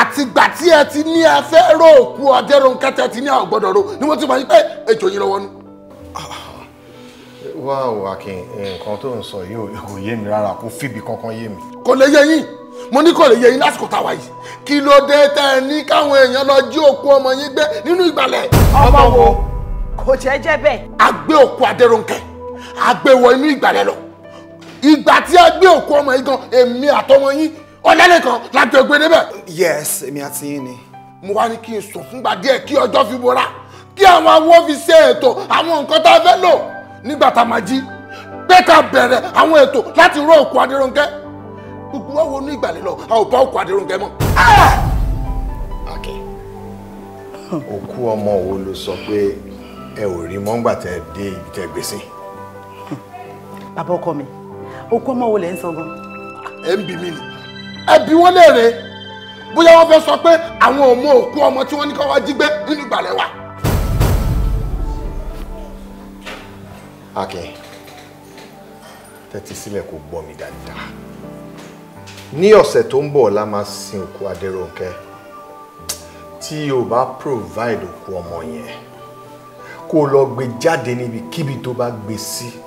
àtìgbà tí ẹ ti ní ẹ fẹ́ rò òkú ọ̀dẹ́rùn kẹtẹ ti ní ọ̀gbọ́dọ̀ ro ni mo ti mọ̀ yín pé ejò yín lọ́wọ́ nú. wá o akin nǹkan tó ń sọ yìí kò yé mi rárá kò fìbí kankan yé mi. kò lè yé yín mo ní kò lè yé yín lásìkò táwa yìí kí ló dé tẹ ẹ ní káwọn èèyàn lọ jí òkú ọmọ yín gbé nínú ìgbàlẹ̀. ọmọ wo kò jẹ́ jẹ́ bẹ́ẹ̀. a òkú adẹ́rùnkẹ́ a wọ inú ìgbàlẹ̀ lọ ìgbà tí a gbé òkú ọmọ yìí gan èmi àtọmọ yín ọlẹ́nìkan láti ẹgbẹ́ débẹ̀. yes èmi àti yín ni. mo wá ní kí n sùn fúngbà díẹ̀ kí ọjọ́ fi bora kí àwọn awọ fi ṣe ètò àwọn nǹkan tá a fẹ́ lò nígbà tá a máa jí pé ká bẹ̀rẹ̀ àwọn ètò láti rọ òkú Adérónkẹ́ gbogbo wa wo ní ìgbàlè lọ a ò bá òkú Adérónkẹ́ mọ́. òkú ọmọ wo ló sọ pé ẹ ò rí mọ́ngbà tẹ dé ibi tẹ gbèsè. bàbá ọkọ mi okú ọmọ wo lẹ ń sọ gan. ẹ ń bi mí ni ẹ bi wọn léèrè bóyá wọn fẹ́ sọ pé àwọn ò mọ òkú ọmọ tí wọn ní kó wá jí gbé nínú ìgbàlẹ̀ wa. Akin tẹ́tí sílẹ̀ kò gbọ́ mi dáadáa ní ọ̀sẹ̀ tó ń bọ̀ la máa sin òkú Adérónkẹ́ tí o bá provide òkú ọmọ yẹn kó o lọ gbé jáde níbikíbi tó bá gbé sí. Si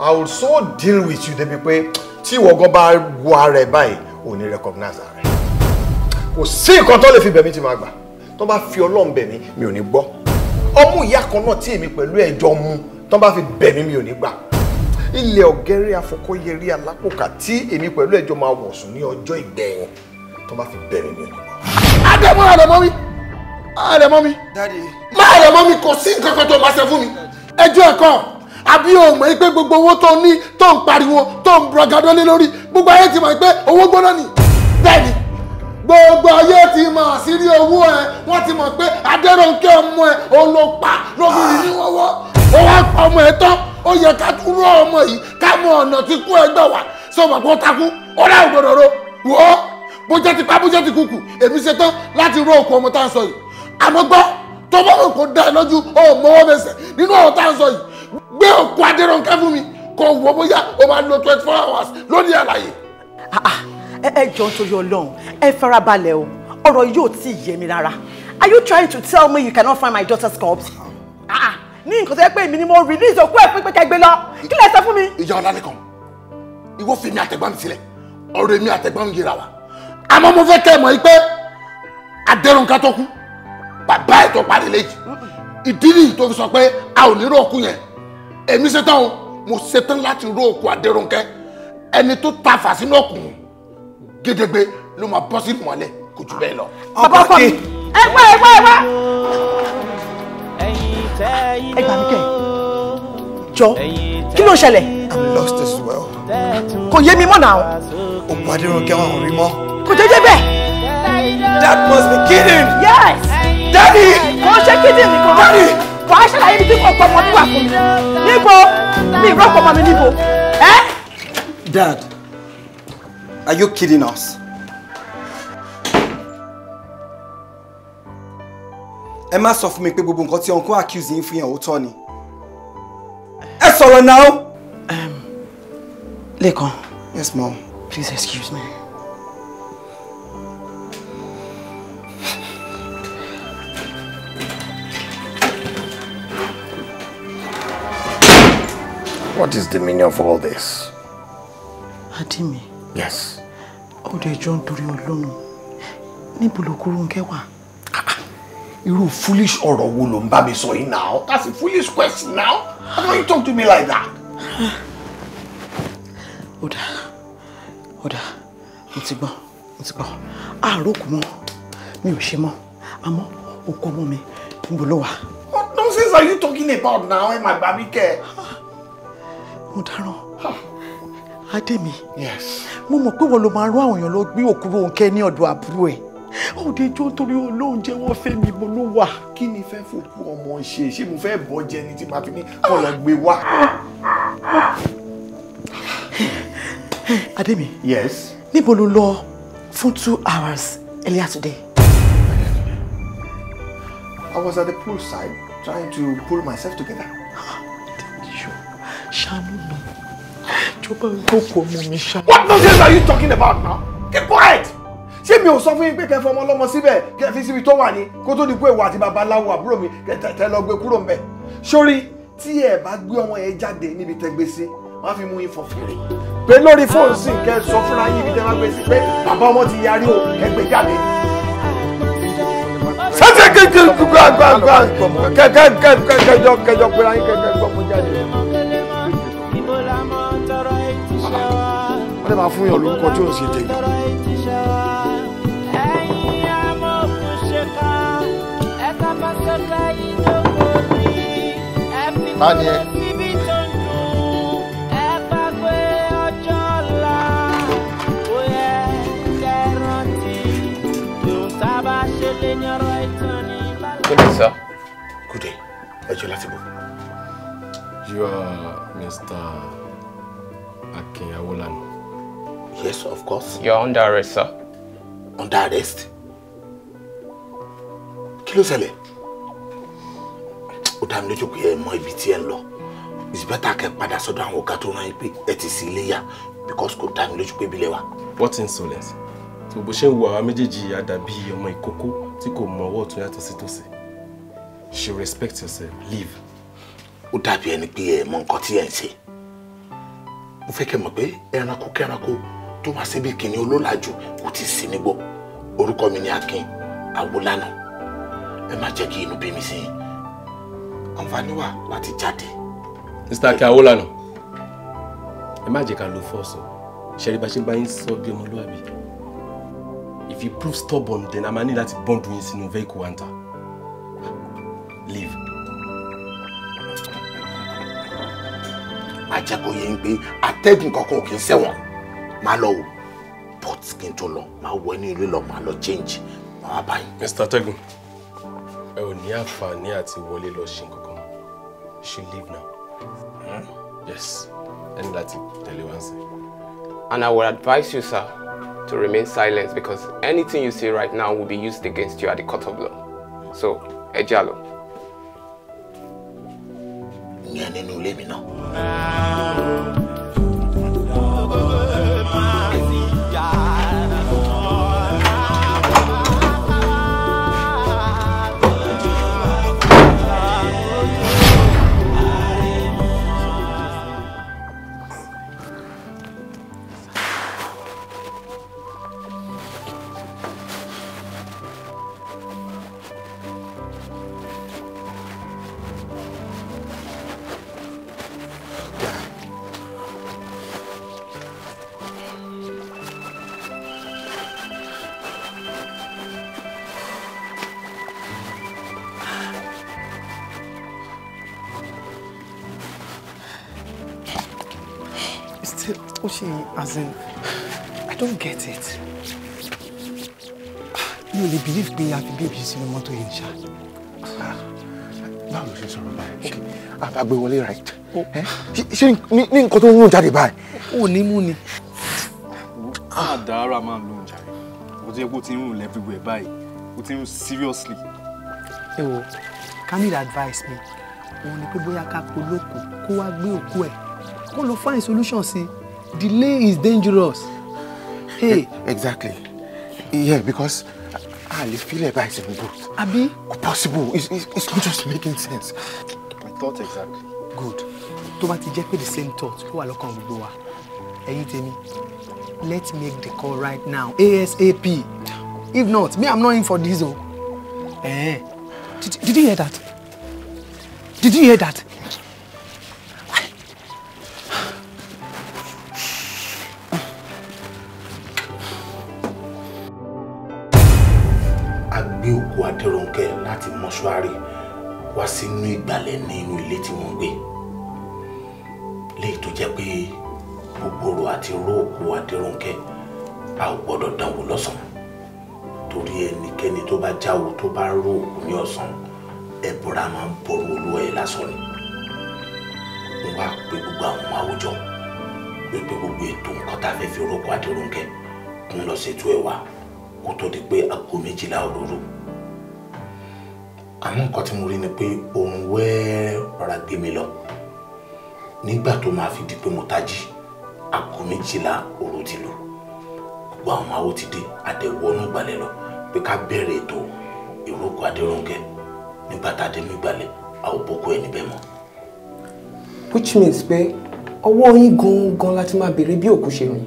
I will so deal with you débi pé tí ìwọ gan bá wo ara ẹ báyìí ò ní recognize ara ẹ kò sí nǹkan tó lè fi bẹ̀mí tí màá gbà tó bá fi ọlọ́run bẹ̀mí mi ò ní gbọ́ ọmú ìyá kan náà tí èmi pẹ̀lú ẹ̀jọ́ mu tó bá fi bẹ̀mí mi ò ní gbà ilẹ̀ ọ̀gẹ́rẹ́ afọkọ́yẹrí alápòkà tí èmi pẹ̀lú ẹ̀jọ́ máa wọ̀ sùn ní ọjọ́ ìgbẹ̀yìn tó bá fi bẹ̀mí mi ò ní gbà. àdèmọ́ àdèmọ́ mi àdèmọ́ mi máa àdèmọ́ mi kò sí nǹkan àbí o mọ̀ pé gbogbo owó tó ní tó ń pariwo tó ń bragadọ́ lé lórí gbogbo ayé ti mọ̀ pé owó gbóná ni bẹ́ẹ̀ ni gbogbo ayé ti mọ̀ àṣírí owó ẹ wọ́n ti mọ̀ pé adẹ́rọ̀nkẹ́ ọmọ ẹ òun ló pa lóbìnrin ní wọ́wọ́ ó wá pa ọmọ ẹ tán ó yẹ ká dúró ọmọ yìí ká mọ ọ̀nà tí kú ẹgbẹ́ wà sọ bàbá takú ó dá ògbọ́dọ̀ ro wò ó bó jẹ́ ti pa bó jẹ́ ti kúkú èmi ṣe tán láti ró òkú ọmọ tá à ń sọ yìí àmọ́ gbọ́ tó bá rò kó dá ẹ lójú ó mọ́wọ́ mẹsẹ̀ nínú ọ̀rọ̀ tá à ń sọ yìí gbé òkú adéròǹkẹ́ fún mi kó wọ bóyá o máa lo twenty four hours lórí àlàyé. Ah, ah, ẹ jọ̀ọ́ nítorí ọlọ́run ẹ farabalẹ̀ o ọ̀rọ̀ yóò tí ì yé mi rárá are you trying to tell me you cannot find my daughter's corpse? Ah, ní nǹkan tó yẹ pé èmi ni mo release òkú ẹ̀ pípẹ́ kẹgbẹ́ lọ kí lẹ sọ fún mi. ìyá ọlálẹ́kan ìwọ fi mi àtẹ̀gbọ́n mi sílẹ̀ ọ̀rọ̀ èmi àtẹ̀gbọ́n mi yẹra wa àmọ́ mo fẹ́ kẹ́ ẹ mọ̀ yìí pé adẹ́rùnká tó kú bàbá ẹ̀ tó parí léjì ìdí nìyí tó fi sọ pé a ò ní rò òkú yẹn èmi ṣetán mo ṣetán láti ró òkú Adérónkẹ́ ẹni tó ta fà ọkùn gédégbé ló máa bọ́ sínú mọ́lẹ̀ kò jù bẹ́ẹ̀ lọ. bàbá ọkọ mi ẹ wá ẹ wá ẹ wá. ẹ gbà mí kẹ́ jọ kí ló ṣẹlẹ̀. i'm lost as well. kò yé mi mọ́ náà. òkú Adérónkẹ́ wọn rí mọ́. kò jẹ́jẹ́ bẹ́ẹ̀. that must be kidding. yes. daddy. kò ṣe kidding nìkan. daddy wàá ṣàlàyé ibi tí kò pọ̀ ọmọ mi wà fún mi níbo mi ìrọ́pọ̀ ọmọ mi níbo. Dad, are you kidding us? ẹ má sọ fún mi pé gbogbo nǹkan tí uncle accuse yín fi hàn òótọ́ ni ẹ sọ̀rọ̀ náà. Lẹ́kan. Yes, mom. Please excuse me. What is the meaning of all this? Adimi. Yes. Ó dẹ̀ jọ nítorí Ọlọ́run. Níbo ló Kúrúnkẹ́ wà? Ah, irú foolish ọ̀rọ̀ wo ló ń bá mi now? That's a foolish question now. How can you talk to me like that? Ọ̀dà Ọ̀dà mo ti gbọ́ mo ti gbọ́ àárò kù more, mi ò ṣe mọ́ àmọ́ òkú ọmọ mi What nonsense are you talking about now, my baby girl? mo dáràn adémi mo mọ̀ pé wọ́n ló máa rán àwọn èèyàn lọ gbé òkú Rónkẹ́ ní ọ̀dọ̀ àbúrò ẹ̀ òde jó torí olóúnjẹ wọn fẹ́ mi mo ló wà. kí ni fẹ́ fòkú ọmọ ṣe ṣé mo fẹ́ bọ́ jẹ ni tí màá fi ní kọ́ lọ gbé wá. adémi yes níbo ló lọ fún two hours earlier today. I was at the pool side trying to pull myself together ṣàánú náà ìjọba gbókòó mú mi ṣàánú. What nonsense are you talking about now? Keep quiet! ṣé mi ò sọ fún yín pé kẹfọ ọmọ ọlọmọ síbẹ̀ kẹfí síbi tó wà ní kó tó di pé ìwà àti babaláwo àbúrò mi tẹ lọ gbé kúrò ńbẹ̀ sórí tí ẹ bá gbé ọmọ yẹn jáde níbi tẹ gbé sí wọn á fi mú yín fọ fèrè pé lórí fóònù sì kẹ sọ fúnra yín ibi tẹ bá gbé sí pé bàbá ọmọ ti yarí o kẹ gbé jáde. sẹ́tẹ̀ kẹjọ kẹjọ pera yín kẹjọ gbọ́ fún jáde. ẹ máa fún yàn lórúkọ tí ò ń ṣe tèmi. ta ni Good day. Ẹ jọ láti bọ̀. You are Mr. Yes, of course. You're under arrest, sir. Under arrest? Kí ló ṣẹlẹ̀? Ó dá mi lójú pé ẹ mọ ibi tí ẹ ń It's better kẹ́ padà sọ́dọ̀ àwọn ọ̀gá tó rán yín pé ẹ ti sí ilé because kò dá mi lójú pé ibi lẹ What insolence? Tí bó ṣe ń wo àwa méjèèjì àdàbí ọmọ ìkókó tí kò mọ ọwọ́ ọ̀tún yàtọ̀ sí tòsí. She respects herself. Leave. Ó dàbí ẹni pé ẹ mọ nǹkan tí ẹ ń ṣe. Mo fẹ́ kẹ́ mọ̀ pé ẹranko kẹ́ranko tó wá síbi kìnìún olólàjù kò tí ì sí nígbó orúkọ mi ni akin awolana ẹ má jẹ́ kí inú bí mi sí i àǹfààní wà láti jáde. mr akin awolana ẹ má jẹ́ ká lo fọ́ọ̀sì ṣẹ́rí bá ṣe bá yín sọ bí ọmọlúwàbí if you prove stubborn then a máa ní láti bọ́ǹdù yín sínú vehicle wanta leave. ajẹ́kọ̀ọ́ yẹn ń gbé atẹ́gùn kankan kì í ṣẹ̀wọ̀n máa lọ wò but kí n tó lọ máa wọ inú ilé lọ máa lọ change máa wá báyìí. Mr. Tegun ẹ ò ní àǹfààní àti wọlé lọ ṣe nǹkan kan mọ́ she leave now yes ẹni láti tẹ̀lé wá sí. And I would advise you, sir, to remain silent because anything you say right now will be used against you at the court of law. So, ẹ jẹ́ àlọ́. ìyẹn nínú ilé mi náà. As in, I don't get it. Mi ò lè believe pé a you, bíbí sínú mọ́tò yìí ṣá. Báwo ló ṣe sọ̀rọ̀ báyìí? Àbágbéwọlé right. Ṣé ní nǹkan tó ń rún jáde báyìí? Ò ní mú ni. Máa dára máa lóun jàre. Kò tó you, kó ti ń rùn everywhere báyìí. Kò ti ń rùn seriously. Ẹ wo, you, advice mi, òun ni pé bóyá ká polókùn kó wá gbé òkú ẹ̀. Kó lo find solution sí i delay is dangerous. Hey. E-, exactly yeah because I lè filẹ̀ báyìí sẹ́mi bro. àbí. possible it's, it's, it's not just making sense. My thought exactly. good tó bá ti the same thought ó wà lọ́kàn gbogbo wa ẹ̀yin tèmi let's make the call right now asap if not me i'm not in for diesel. Eh. Did, did you hear that? Did you hear that? a ò gbọ́dọ̀ dánwò lọ́sàn-án torí ẹnikẹ́ni tó bá jáwó tó bá ró òkú ní ọ̀sán ẹ̀bùra máa ń ború olúwa ẹ̀ lásán ni mo wá pe gbogbo àwọn àwùjọ pé pé gbogbo ètò nǹkan tá a fẹ́ fi rọ́pò Adérónkẹ́ kún lọ ṣètò ẹ̀ wá kó tó di pé aago méjìlá òróró àmọ́ nǹkan tí mo rí ni pé òun wẹ́ẹ́ rọra gbé mi lọ nígbà tó máa fi di pé mo tají aago méjìlá òru ti lù gbogbo àwọn awo ti dé àtẹ̀wọ́nú gbalẹ̀ lọ pé ká bẹ̀rẹ̀ ètò ìrókò adéròǹkẹ́ nígbà tá a dé nígbàlẹ̀ a ò bókó ẹni bẹ́ẹ̀ mọ́. which means pé ọwọ́ yín gangan láti máa béèrè bí òkú ṣe rìn.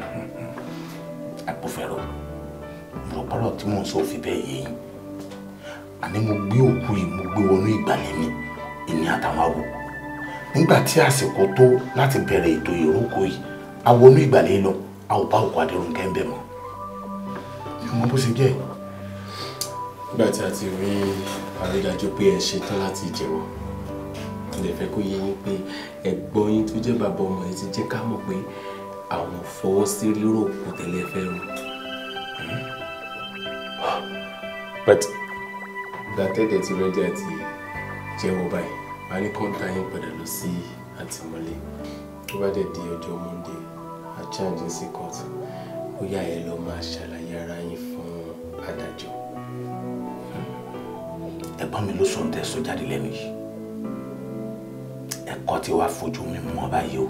[LAUGHS] àpòfẹ́rọ ìrọ̀pọ̀rọ̀ tí mò ń sọ fi bẹ́ẹ̀ yé yín àní mo gbé òkú yìí mo gbé wọnú ìgbàlẹ̀ mi èmi àtàwọn awo nígbà tí àsìkò tó láti bẹ̀rẹ̀ ètò ìrókò yìí a wọnú ìgbàlẹ̀ lọ a ò bá òkú Adérónkẹ́ ń bẹ̀ mọ́ ìmọ̀ bó ṣe jẹ́. nígbà tí a ti rí àrídájú pé ẹ ṣetán láti jẹ́wọ́ ilẹ̀ fẹ́ kó yé yín pé ẹ̀gbọ́n yín tó jẹ́ bàbá ọmọ yín ti jẹ́ ká mọ̀ pé àwọn fọwọ́ sí lérò kù tẹ́lẹ̀ fẹ́ rò. but gbàtẹ́dẹ̀ ti rẹ́dí àti jẹ́wọ́ báyìí a ní kọ́ńtà yín padà lọ sí àtìmọ́lé tó bá dẹ̀ di ọjọ́ Monday charge sí court bóyá ẹ lọ máa ṣàlàyé ara yín fún adájọ́. ẹ̀gbọ́n mi ló sọ ń tẹ̀sọ́ jáde lẹ́nu yìí ẹ̀kọ́ tí wàá fojú mi mú ọba yìí o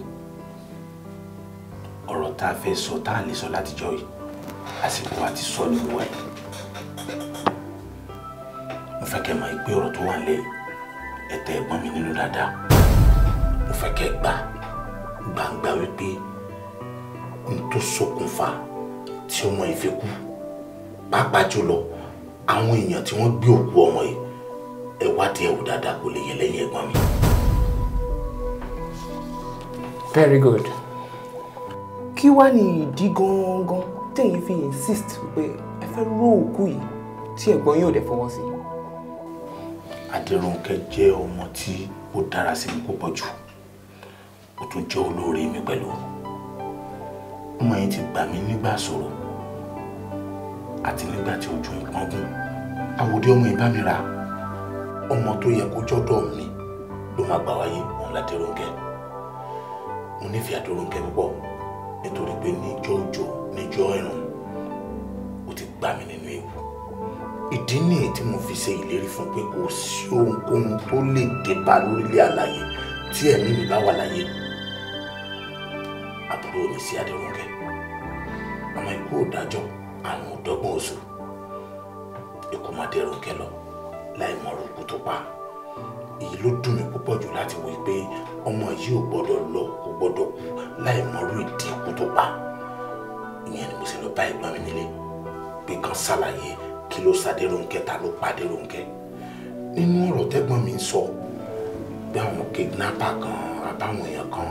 ọ̀rọ̀ tá a fẹ́ sọ tá a lè sọ látijọ́ yìí àsìkò àti sọ ló wà mo fẹ́ kẹ́ máa gbé ọ̀rọ̀ tó wà lẹ́yìn ẹ̀tẹ̀ ẹ̀gbọ́n mi nínú dáadáa mo fẹ́ kẹ́ gbà gbangba wípé tó ṣokùnfà tí ọmọ yìí fi kú pàápàá jùlọ àwọn èèyàn tí wọ́n gbé òkú ọmọ yìí ẹ wádìí ẹ wò dáadáa kò lè yẹ lẹ́yìn ẹ̀gbọ́n mi. very good kí wàá ní ìdí gangan tẹ̀yin fi insist pé ẹ fẹ́ ró òkú yìí tí ẹ̀gbọ́n yóò dẹ̀ fọwọ́ sí. Adérónkẹ́ jẹ́ ọmọ tí ó dára sí mi púpọ̀ jù ó tún jẹ́ olóore mi pẹ̀lú ọmọ yẹn ti gbà mí nígbà ṣòro àti nígbà tí ojú ìpọ́ngún àwòdì ọmọ yẹn bá mi rà ọmọ tó yẹ kó jọ́dọ̀ mi ló máa gbà wáyé òun la Adérónkẹ́ mo nífẹ̀ẹ́ Adérónkẹ́ púpọ̀ nítorí pé níjọ́ òjò níjọ́ ẹ̀rùn ó ti gbà mí nínú ewu ìdí nìyí tí mo fi ṣe ìlérí fún pé kò sí ohunkóhun tó lè dé bá lórílẹ̀ àlàyé tí ẹ̀mí mi bá wà láyé àbúrò mi sí adẹ̀rùnkẹ́ àmọ́ ikú ò dájọ́ àrùn òdọ́gbọ̀n oṣù ikú má dẹ̀rùnkẹ́ lọ láì mọ orúkú tó pa èyí ló dùn mí púpọ̀ jù láti wí pé ọmọ yìí ò gbọ́dọ̀ lọ kò gbọ́dọ̀ kú láì mọ orú ìdí ikú tó pa ìyẹn ni mo sì lọ bá ẹ̀gbọ́n mi nílé pé kan ṣàlàyé kí ló ṣá Dẹ̀rùnkẹ́ ta ló pa Dẹ̀rùnkẹ́ nínú ọ̀rọ̀ tẹ́gbọ́n mi sọ bí àwọn kidnapper kan àbáwọn èèyàn kan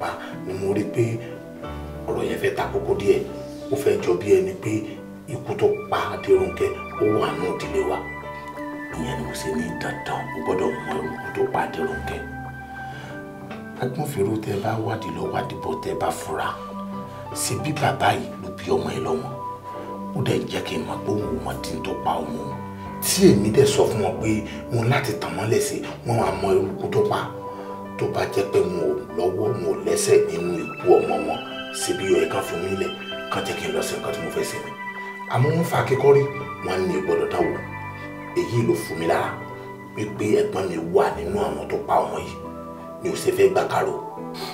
pa ni mo rí pé ọ̀rọ̀ yẹn fẹ́ ta kókó díẹ̀ ó fẹ́ jọ bí ẹni pé ikú tó pa Adérónkẹ́ ó wà ní ìdílé wa ìyẹn ni mo ṣe ní dandan mo gbọ́dọ̀ mọ ikú tó pa Adérónkẹ́ agbófinró tẹ bá wádìí lọ wádìí bọ tẹ bá fura ṣe bí bàbá yìí ló bí ọmọ ẹ lọ́mọ ó dẹ̀ jẹ́ kí n mọ̀ pé òun wọn ti ń tó pa òun tí èmi dẹ̀ sọ fún wọn pé mo láti tàn mọ́lẹ̀ sí wọn àmọ́ ikú tó pa tó bá jẹ́ pé mo lọ́wọ́ mo lẹ́sẹ̀ nínú ikú ọmọ wọn síbi ọ̀ẹ́ kan fún mi lẹ̀ kán jẹ́ kí n lọ sí nǹkan tí mo fẹ́ sí mi àmọ́ wọ́n fa akẹ́kọ̀ọ́ rí wọ́n ní gbọ́dọ̀ dáwọ́ èyí ló fún mi lára wípé ẹ̀gbọ́n mi wà nínú àwọn tó pa ọmọ yìí mi ò ṣe fẹ́ gbà kárò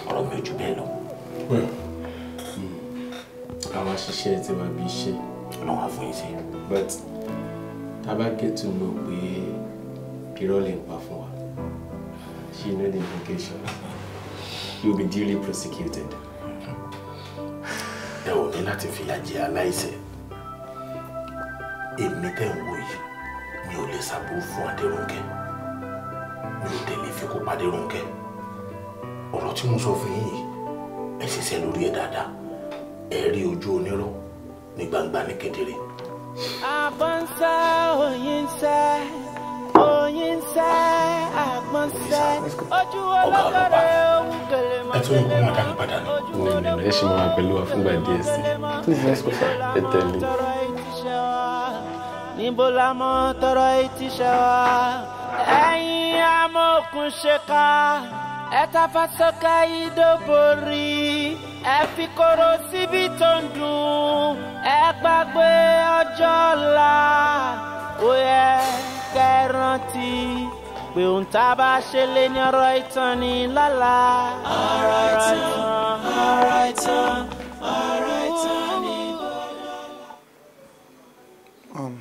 ọ̀rọ̀ mi ò jù bẹ́ẹ̀ lọ. Hmm. Hmm. àwa ṣiṣẹ́ tí wàá bí iṣẹ́. ọlọ́wà fún yín sí. but tábà kẹ́tù mọ̀ pé irọ́ lè ń pa fún You know the implication. You'll be duly prosecuted. Ẹ ò ní láti fìyà jẹ aláìṣẹ̀. Èmi tẹ̀ ń wò yìí, mi ò lè ṣàbò fún Adérónkẹ́. Mi ò tẹ̀lé fikú pa Adérónkẹ́. Ọ̀rọ̀ tí mo sọ fún yín yìí, ẹ ṣiṣẹ́ lórí ẹ̀ dáadáa. Ẹ rí ojú onírọ́ ní gbangba ní kedere. Àbọ̀nsá òyìn sẹ́ẹ̀ àpọ́nsẹ́ àpọ́nsẹ́ ojú olókèrè ohun kèlè mọ́tẹ́lẹ́ mọ́ ojú olókèrè ohun kèlè mọ́ níbo la mọ̀ tọrọ ìtìṣẹ wa ẹ̀yin amókun ṣe ká ẹ tafa sọka ìdóborí ẹ fi koro síbi tó ń dùn ẹ gbàgbé ọjọ́ ọ̀la ó yẹ kẹ́ ẹ rántí pé ohun tá a bá ṣe lé ní ọ̀rọ̀ ìtàn ni lọ́la. ọ̀rọ̀ ìtàn ọ̀rọ̀ ìtàn ọ̀rọ̀ ìtàn ni lọ́la. Um,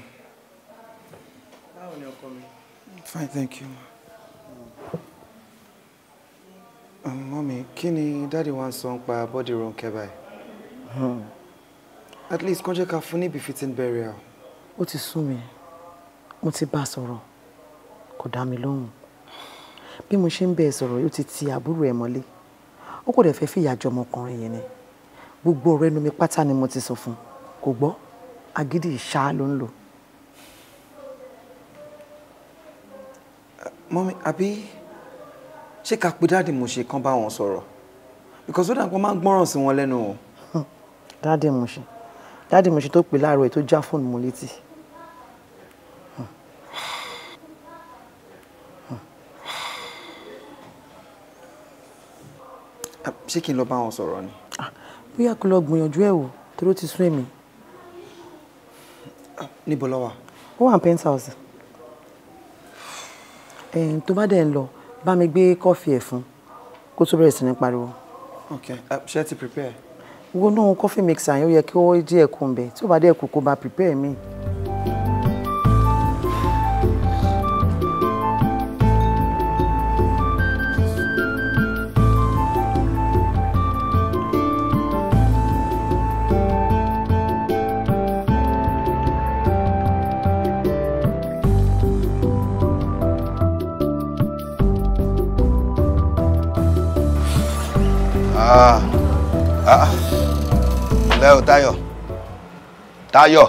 fine thank you. Um, mommy, kí Daddy wants song by a body bọ́dì Ronke báyìí. Hmm. at least kàn jẹ́ ká fún fitting burial. What is sún mi mo ti bá a sọ̀rọ̀ kò dá mi lóhùn bí mo ṣe ń bẹ̀ sọ̀rọ̀ yóò ti ti àbúrò ẹ̀ mọ́lé ó kò dẹ̀ fẹ́ fìyà jọ ọmọkùnrin yẹn ni gbogbo ọ̀rọ̀ ẹnu mi pátá ni mo ti sọ fún kò gbọ́ agídí ìṣá ló ń lò. mọ́mí àbí ṣé ká pe dáàdì mo ṣe kán bá wọn sọ̀rọ̀ because ó dàgbọ́n máa ń gbọ́ràn sí wọn lẹ́nu o. [LAUGHS] dáàdì mo ṣe dáàdì mo ṣe tó pè láàárọ̀ ẹ̀ tó já fóònù mo létí. Ah, ṣé kí n lọ bá wọn sọ̀rọ̀ ni. Ah, bóyá kó lọ gbìyànjú ẹ̀ wò torí ó ti sún èmi. Ah, níbo ló wà. ó wà ní penthouse. tó bá dẹ̀ ń lọ bá mi gbé kọ́fì ẹ̀ fún kó tó bẹ̀rẹ̀ sí ní pariwo. ok ṣé ẹ ti prepare. wo náà kọ́fì mixer yẹn ó yẹ kí ó díẹ̀ kún bẹ̀ tí ó bá díẹ̀ kú kó bá prepare mi. Ah. Ah. ǹlẹ́ o Táyọ̀ Táyọ̀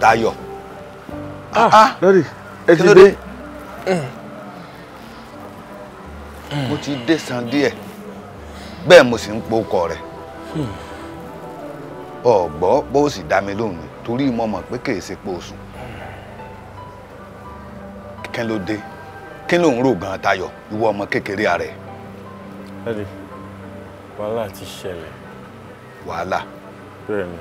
Táyọ̀. Ah, lórí ẹ ti dé. Mm. mo ti dé san díẹ̀ bẹ́ẹ̀ mo sì ń pokọ̀ rẹ̀ hmm. ọ̀gbọ́ bó sì dá mi lóhùn ni torí mo mọ̀ pé kì í ṣe pé oṣù kí ló dé kí ló ń rò gan Tayọ̀ ìwọ ọmọ kékeré rẹ. ẹ̀rí wàhálà ti ṣẹlẹ̀. wàhálà. bẹ́ẹ̀ ni.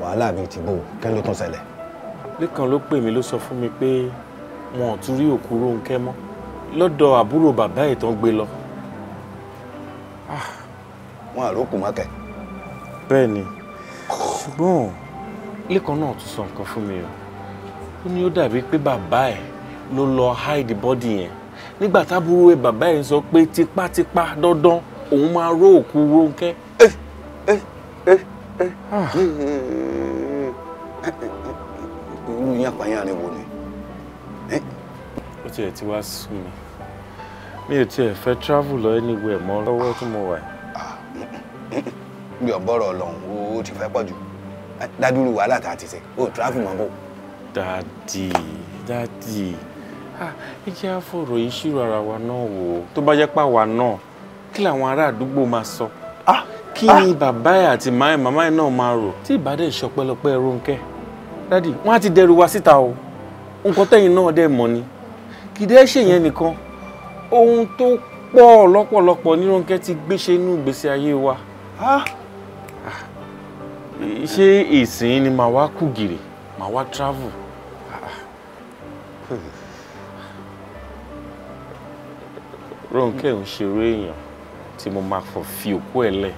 wàhálà bíi tìbò kí ló tún ṣẹlẹ̀. lẹ́kàn ló pè mí ló sọ fún mi pé wọn ò tún rí òkú Rónkẹ́ mọ́ lọ́dọ̀ àbúrò bàbá ẹ̀ tán gbé lọ wọn àrókù mọ́kẹ́. bẹ́ẹ̀ ni ṣùgbọ́n lẹ́kọ̀ọ́ náà tún sọ nǹkan fún mi o ó ní ó dàbí pé bàbá ẹ̀ ló lọ hide body yẹn nígbà tábúrò ẹ̀ bàbá ẹ̀ sọ pé tipátipá dandan òun máa ró òkú Rónkẹ́. ẹ ẹ ẹ ẹ wo ni. Eh? ó tiẹ̀ ti wá sùn mi mi ò tiẹ̀ fẹ́ travel lọ anywhere mọ́ lọ́wọ́ tí mo wà. mi ò bọ̀rọ̀ lọ́hùn ó ti fẹ́ pọ̀ jù dádúró wàhálà tá a ti ṣe ó travel mọ́ bò. dadi dadi ah, ẹ jẹ́ àfọ̀rọ̀ ìṣirò ara wa náà wò ó tó bá jẹ́ pàwa náà kí làwọn ará àdúgbò máa sọ ah, kí ni ah. bàbá ẹ àti màmá ẹ náà máa rò tí ìbádẹ́ ìṣọpẹ́lọpẹ́ Rónkẹ́ dadi wọ́n á ti dẹrù wa síta o nǹkan tẹ̀yìn náà dẹ̀ mọ̀ ni kìdẹ́ ṣèyẹn nìkan ohun tó pọ̀ lọ́pọ̀lọpọ̀ ní Rónkẹ́ ti gbéṣe inú ìgbésí ayé wa ṣé ìsìn ni màá wá kú gìrì màá wá travel. Rónkẹ́ ń ṣeré èèyàn tí mo máa fọ̀ fi òkú ẹ̀ lẹ̀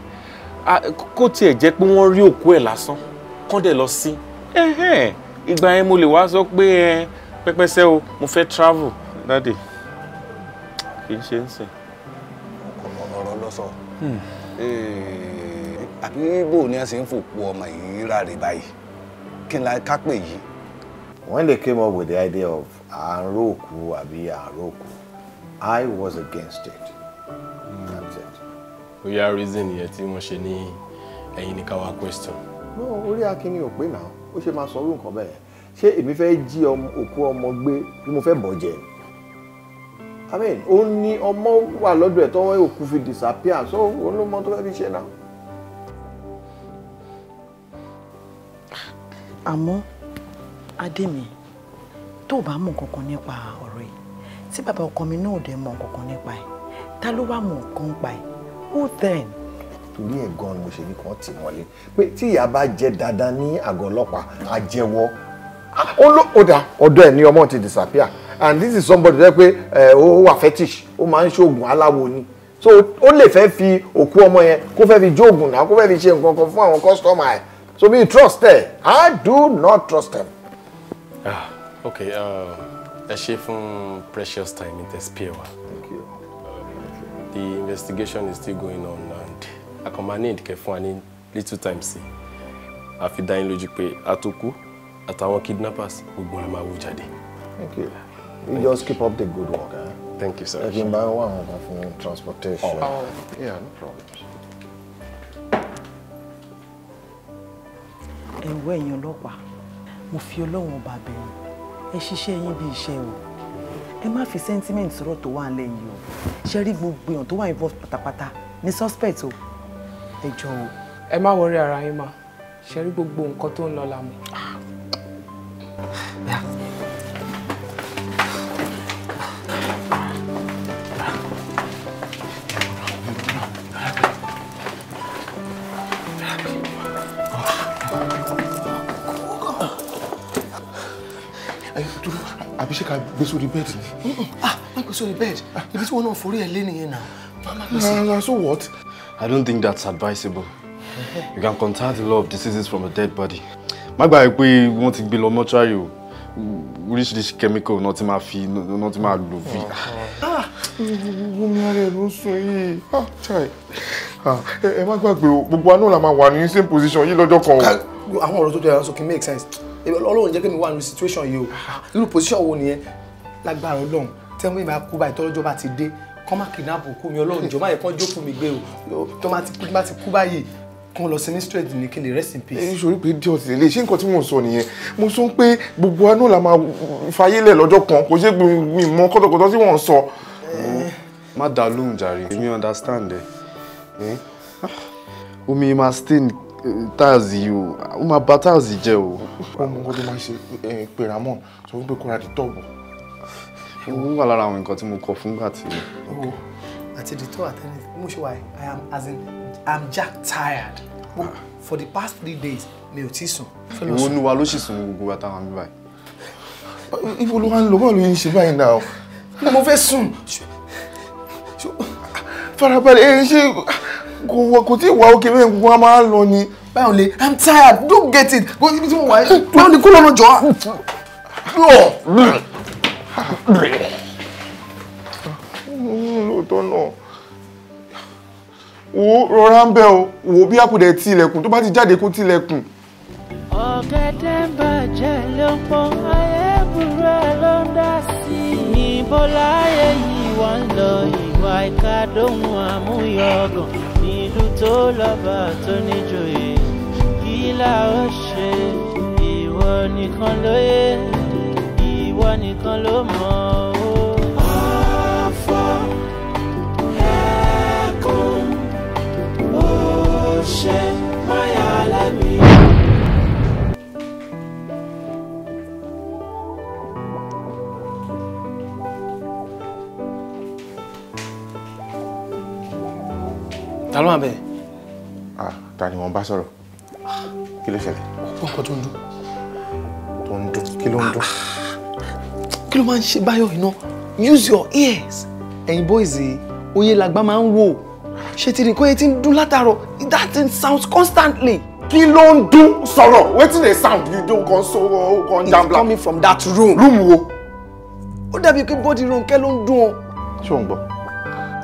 kó tiẹ̀ jẹ́ pé wọ́n rí òkú ẹ̀ lásán kán dẹ̀ lọ sí ìgbà yẹn mo lè wá sọ pé pẹ́pẹ́sẹ́ o mo fẹ́ travel dáde kì í ṣe ń sìn. ọ̀rọ̀ lọ sọ hmm. àbí bò ni a ṣe ń fòpọ̀ ọmọ yìí ráre báyìí kí n la ká pè yìí. When they came up with the idea of àròkù àbí àròkù I was against it. Mm. That's it. bóyá reason yẹn tí wọ́n ṣe ní ẹ̀yin ní káwa question. no orí akínní ò pé náà ó ṣe máa sọ orú nǹkan bẹ́ẹ̀ ṣé èmi fẹ́ jí òkú ọmọ gbé bí mo fẹ́ bọ̀ jẹ́ ni. Amen. mean ó ní ọmọ wà lọ́dọ̀ ẹ̀ tọ́wọ́ òkú fi disappear so òun ló mọ tó fẹ́ fi ṣe náà. àmọ́ adémi tó o bá mọ̀ kankan nípa ọ̀rọ̀ yìí tí bàbá ọkọ mi náà dẹ̀ mọ̀ kankan nípa ẹ̀ ta ló wá mọ̀ nǹkan pa ẹ̀ who then. torí ẹ̀ gan-an ni mo ṣe ní kàn tì wọlé pé tí ìyá bá jẹ́ dandan ní àgọ́ ọlọ́pàá àjẹwọ́ ó ló ó dà ọ̀dọ̀ ẹ̀ ní ọmọ ti disappear and this is somebody tó yẹ pé eh, ó wà fetish ó máa ń ṣoògùn aláwo ni so ó lè fẹ́ fi òkú ọmọ yẹn kó fẹ́ fi jóògùn náà kó fẹ́ fi ṣe nǹkan kan fún àwọn customer ẹ̀ so mi trust ẹ̀ I do not trust him. Ah, ok eh, ẹ ṣe fún precious time in tespia wa the investigation is still going on and akọ̀mọ́ ní ìdíkẹ́ fún wa ní little time sí àfi dá yín lójú pé a tó kú àtàwọn kidnappers gbogbo ọ̀la máa wú jáde. thank you you just keep up the good work. Eh? thank you sir. ẹ kì í bá wà wọn fún transportation. Oh. Oh. yeah no problem. ẹ̀wọ́ ẹ̀yin ọlọ́pàá mo fi ọlọ́wọ́n ọba bẹ̀rù ẹ ṣiṣẹ́ yín bí iṣẹ́ o ẹ má fi sentiment sọ̀rọ̀ tó wà lẹ́yìn o ṣe rí gbogbo èèyàn tó wà involved pátápátá ní suspect o ẹ jọ o. ẹ má wọrí ara yín ma ṣe rí gbogbo nǹkan tó ń lọ làmú. I àbí ṣe ká gbé sórí bẹ́ẹ̀dì ni. ah má gbé sórí bẹ́ẹ̀dì ibi tí wọn náà forí ẹ lé nìyẹn náà. mama so what. I don't think that's advisable. You can contact the law of diseases from a dead body. má gbàgbé pé wọ́n ti gbé lọ mọ́túárì o oríṣiríṣi kẹ́míkà náà ti máa fi náà ti máa lò fi. gómìnà rẹ̀ ló ń sùn yìí ah, ah, ẹ má gbàgbé o gbogbo àná la máa wà ní same position yìí lọ́jọ́ kan o. àwọn ọ̀rọ̀ tó jẹ́ ìránṣọ́ kì í make sense ọlọ́run jẹ́ kí mi wà nínú situation yìí o irú position wo nìyẹn lágbára ọlọ́run tẹ́wọ́n ìbá kú báyìí tọ́lọ́jọ́ bá ti dé kọ́ má kidnap òkú mi ọlọ́run jọ má yẹ kán jókòó mi gbé o tó má ti kú báyìí kan lọ sí mistress ní kí ni rest in peace. èyí pé díọ̀ ti lè ṣe nǹkan tí mò sọ nìyẹn mo sọ pé gbogbo wa la máa fayé lẹ̀ lọ́jọ́ kan kò ṣe mi mọ kọ́tọ̀kọ́tọ̀ tí wọ́n ń sọ. má dá lóhùn jàre èmi understand ẹ ah, omi máa stain eh, tiles yìí o ó máa bà tiles jẹ́ o. ọmọ nǹkan máa ṣe pé sọ wípé kó ra di tọ́ọ̀bù. ó wà lára àwọn nǹkan tí mo kọ fún gbà tí. Oh, àti di tó àtẹnudẹ mo ṣe wà i am as in i'm jack tired for the past three days mi ò tí sùn. ìwọ olúwa ló sì sùn gbogbo àtàwọn àmì báyìí. ìwọ olúwa ń lọ bọ́ọ̀lù yìí ń ṣe báyìí náà ni mo fẹ́ sùn farabalẹ̀ ẹ ṣe kò tí ì wá òkè mẹ́rin gbogbo wa máa ń lọ ni. báwo le i'm tired don't get it go ibi tí mo wà yìí báwo ni kó lọ́nà jọ lóòótọ́ náà wo rọra ń bẹ o wo bí àkùdẹ ti ilẹ̀kùn tó bá ti jáde kó ti ilẹ̀kùn. ọ̀gẹ̀dẹ̀ ń bàjẹ́ ló ń pọ́n ayé ẹ̀ ló ń dá sí i níbo láyé yìí wọ́n lọ ìwà ìka dóhùn àmúyọ̀gàn nílùú tó lọ́ba tó níjòyè kí la ṣe ìwọ nìkan lóye ìwọ nìkan ló mọ̀ ọ́. ta ló ah ta ni wọn bá sọ̀rọ̀ kí ló ṣẹlẹ̀. ọgbọ́n kan tó ń dún. tó ń dún kí ló ń dún. kí ló máa ń ṣe báyọ̀ iná use your ears ẹ̀yin boys oyè làgbà máa ń wò ṣe ti nìkan yẹn ti ń dún látàárọ̀ that thing sounds constantly. kí ló ń dún sọ̀rọ̀ wetin dey sound you don kan so o kan black? it's coming from that room. room wo. ó dàbí pé bọ́dì Ronke ló ń dún o. ṣé o ń gbọ́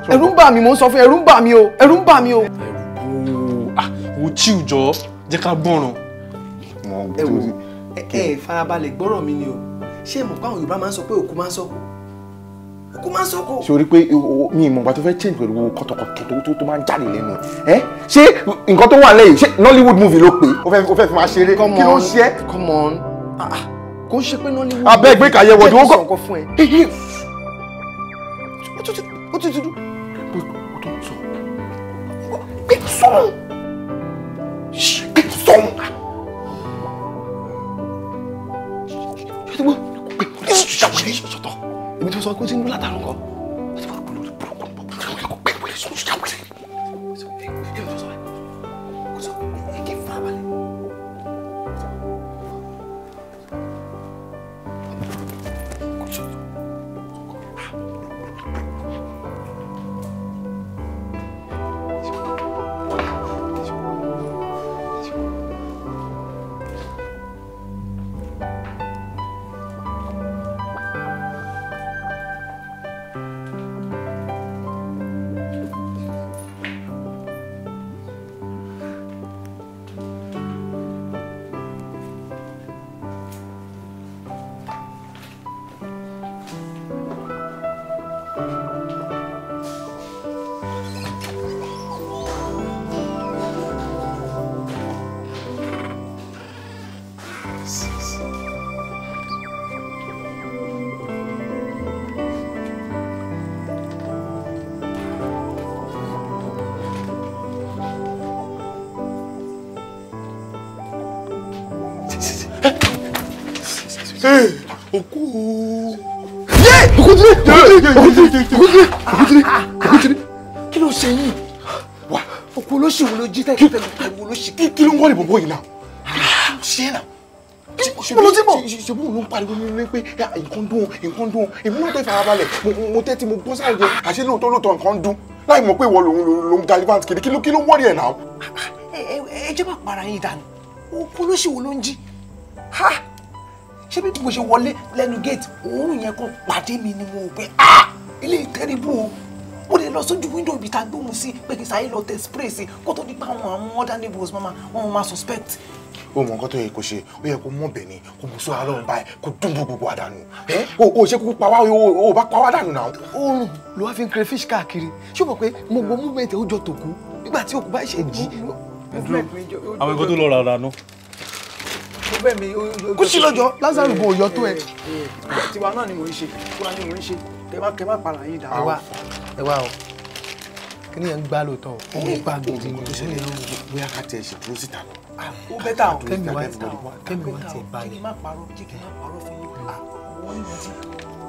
ẹ̀rù ń bà mí mo ń sọ fún ẹ̀rù ń bà mí o ẹ̀rù ń bà mí o. wo ah, chill jọ jẹ́ ká gbọ́ràn. ẹ wo ẹ farabalẹ̀ gbọ́rọ̀ mi ni o ṣé ẹ mọ̀ pé àwọn Yorùbá máa ń sọ pé òkú máa ń sọ́kù òkú máa ń sọ́kù. sori pé mi ìmọ̀ ìgbà tó fẹ́ change pẹ̀lú kọ̀tọ̀kọ̀tọ̀ tó máa ń jáde lẹ́nu ẹ ṣé nǹkan tó wà lẹ́yìn ṣé Nollywood movie ló pé o fẹ́ fi máa ṣeré kí ló ń ṣe. come on ah, ah, kò ń ṣe pé Nollywood. abẹ́ ìgbé kàyẹ̀wò ìdíwọ́ kọ̀. ó ti dúdú 送，是给送啊！뭐 손수자고 이미 도서 꼬진 몰라 다른 거. 손수자고 wọ́n lè bọ̀bọ̀ yìí náà ṣé náà mo lọ sí bọ̀ ṣe bóun ló ń pariwo ní ilé pé nǹkan dùn nǹkan dùn èmi náà tó ìfarabalẹ̀ mo tẹ́tí mo gbọ́ sáré àṣé lóòótọ́ lóòótọ́ nǹkan dùn láì mọ̀ pé ìwọ lòun ló ń galivant kiri kí ló wọ́ọ̀rì ẹ̀ náà. ẹ bá para yín dànù okú ló ṣì wò ló ń jí ṣé bí mo ṣe wọlé lẹ́nu gate òórùn yẹn kan pàdé mi ni mo pé ilé ah! ìtẹ́rìbù o mo lè lọ sójú wíńdò ibi tá a gbóhùn sí pé kì í sáyé lọ tẹ spray sí kó tó di pa àwọn àwọn other neighbors mama wọn máa suspect. o mọ nǹkan tó yẹ kó ṣe ó yẹ kó mọ bẹ́ẹ̀ ni kó bùsọ alọrun báyìí kó dùnbù gbogbo àdánù o ò ṣe kúkú pa wá o ò bá pa dànù náà. oorun ló wá fi ń kiri fish káàkiri ṣé o mọ̀ pé mo gbọ́ movement ẹ̀ ó jọ tòkú nígbà tí òkú bá ṣe jí. àwọn ẹ̀kọ́ tó lọ rà rà náà kó sí lọ́jọ́ lázaro bò yọ tó ẹ. Eh, eh, eh, tiwa náà ni mò ń ṣe tiwa ni mò ẹ wá o kí ni yẹn ń gbá lóòótọ́ o ó ń gbá gidi ni o ṣẹlẹ̀ yẹn o bóyá ká tiẹ̀ ṣe dúró síta lọ. Ah, ó bẹ́tà o kẹ́mi wá ti kẹ́mi wá ti bá yẹn. kí hmm. ah,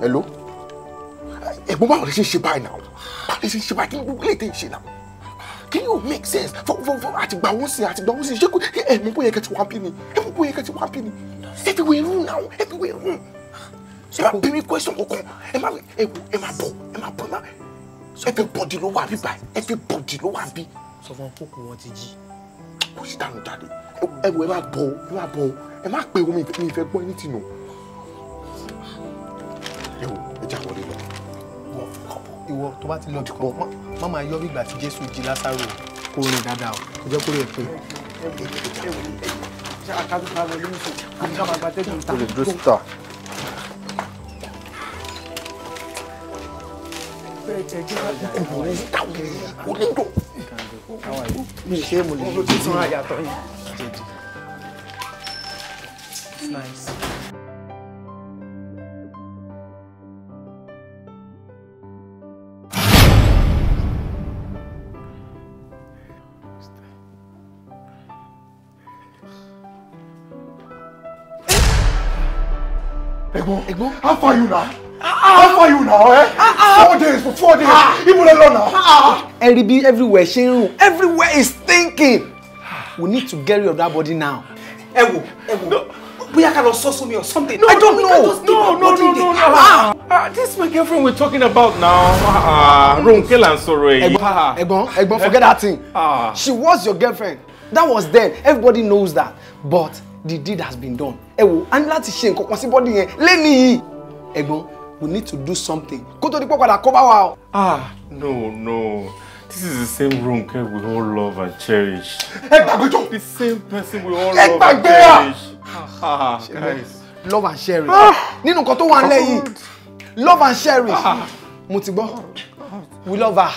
hello ẹ̀gbọ́n báwo lè ṣe ṣe báyìí náà báwo lè ṣe ṣe báyìí kí ni lè tẹ̀ ṣe náà kí ni make sense fọ fọ fọ àti gbà wọ́n sí àti gbà wọ́n sí ṣé kò ẹ̀mú bóyá kẹ́ wá bí ni ẹ̀mú bóyá kẹ́ ti wá bí ni everywhere room now everywhere room. ẹ má bí mi question kankan ẹ má ẹ má bọ̀ ẹ má bọ̀ ẹ má everybody ló wà bí báyìí everybody ló wà bí. sọ fún kókò wọn ti jí. kò sí dànù jáde ẹ wo ẹ má bọ ẹ má bọ ẹ má pe omi mi fẹ́ gbọ́ ẹni tì nù. ẹ wo ẹ jà wọlé lọ. ìwọ tó bá ti lọ dìbò má máa yọ bígbà tí jésù jí lásàrò kó rìn dáadáa o kò jẹ́ kó rìn pé. ẹ wo ẹ wo ẹ wo ṣé àkàtúntà wọlé nìkan àti ká máa ta. kò ní how far you now? how far you now eh four days for four days ah. ibo lẹ alone now. Ah. ẹ bí everywhere ṣe ń rùn everywhere is thinking ah. we need to get rid of that body now. ẹ wò ẹ wò bóyá ká lọ sọ sómi or something. no I don't know no no no no no ah this my girlfriend we're talking about now Ronke hmm. la ń sọ̀rọ̀ èyí. ẹ̀gbọ́n ẹ̀gbọ́n forget that thing she was your girlfriend that was then everybody knows that but the deed has been done ẹ wò a ní láti ṣe nǹkan kan sí bọ́dì yẹn lẹ́nìí ẹ̀gbọ́n we need to do something Go to the park and kó bá ah no no this is the same room Ronke we all love and cherish. ẹ the same person we all love and cherish. ẹ gbàgbé à. love and cherish. Ah! nínú nǹkan tó wà nílẹ̀ love and cherish. Ah! mo ti gbọ́ we love her.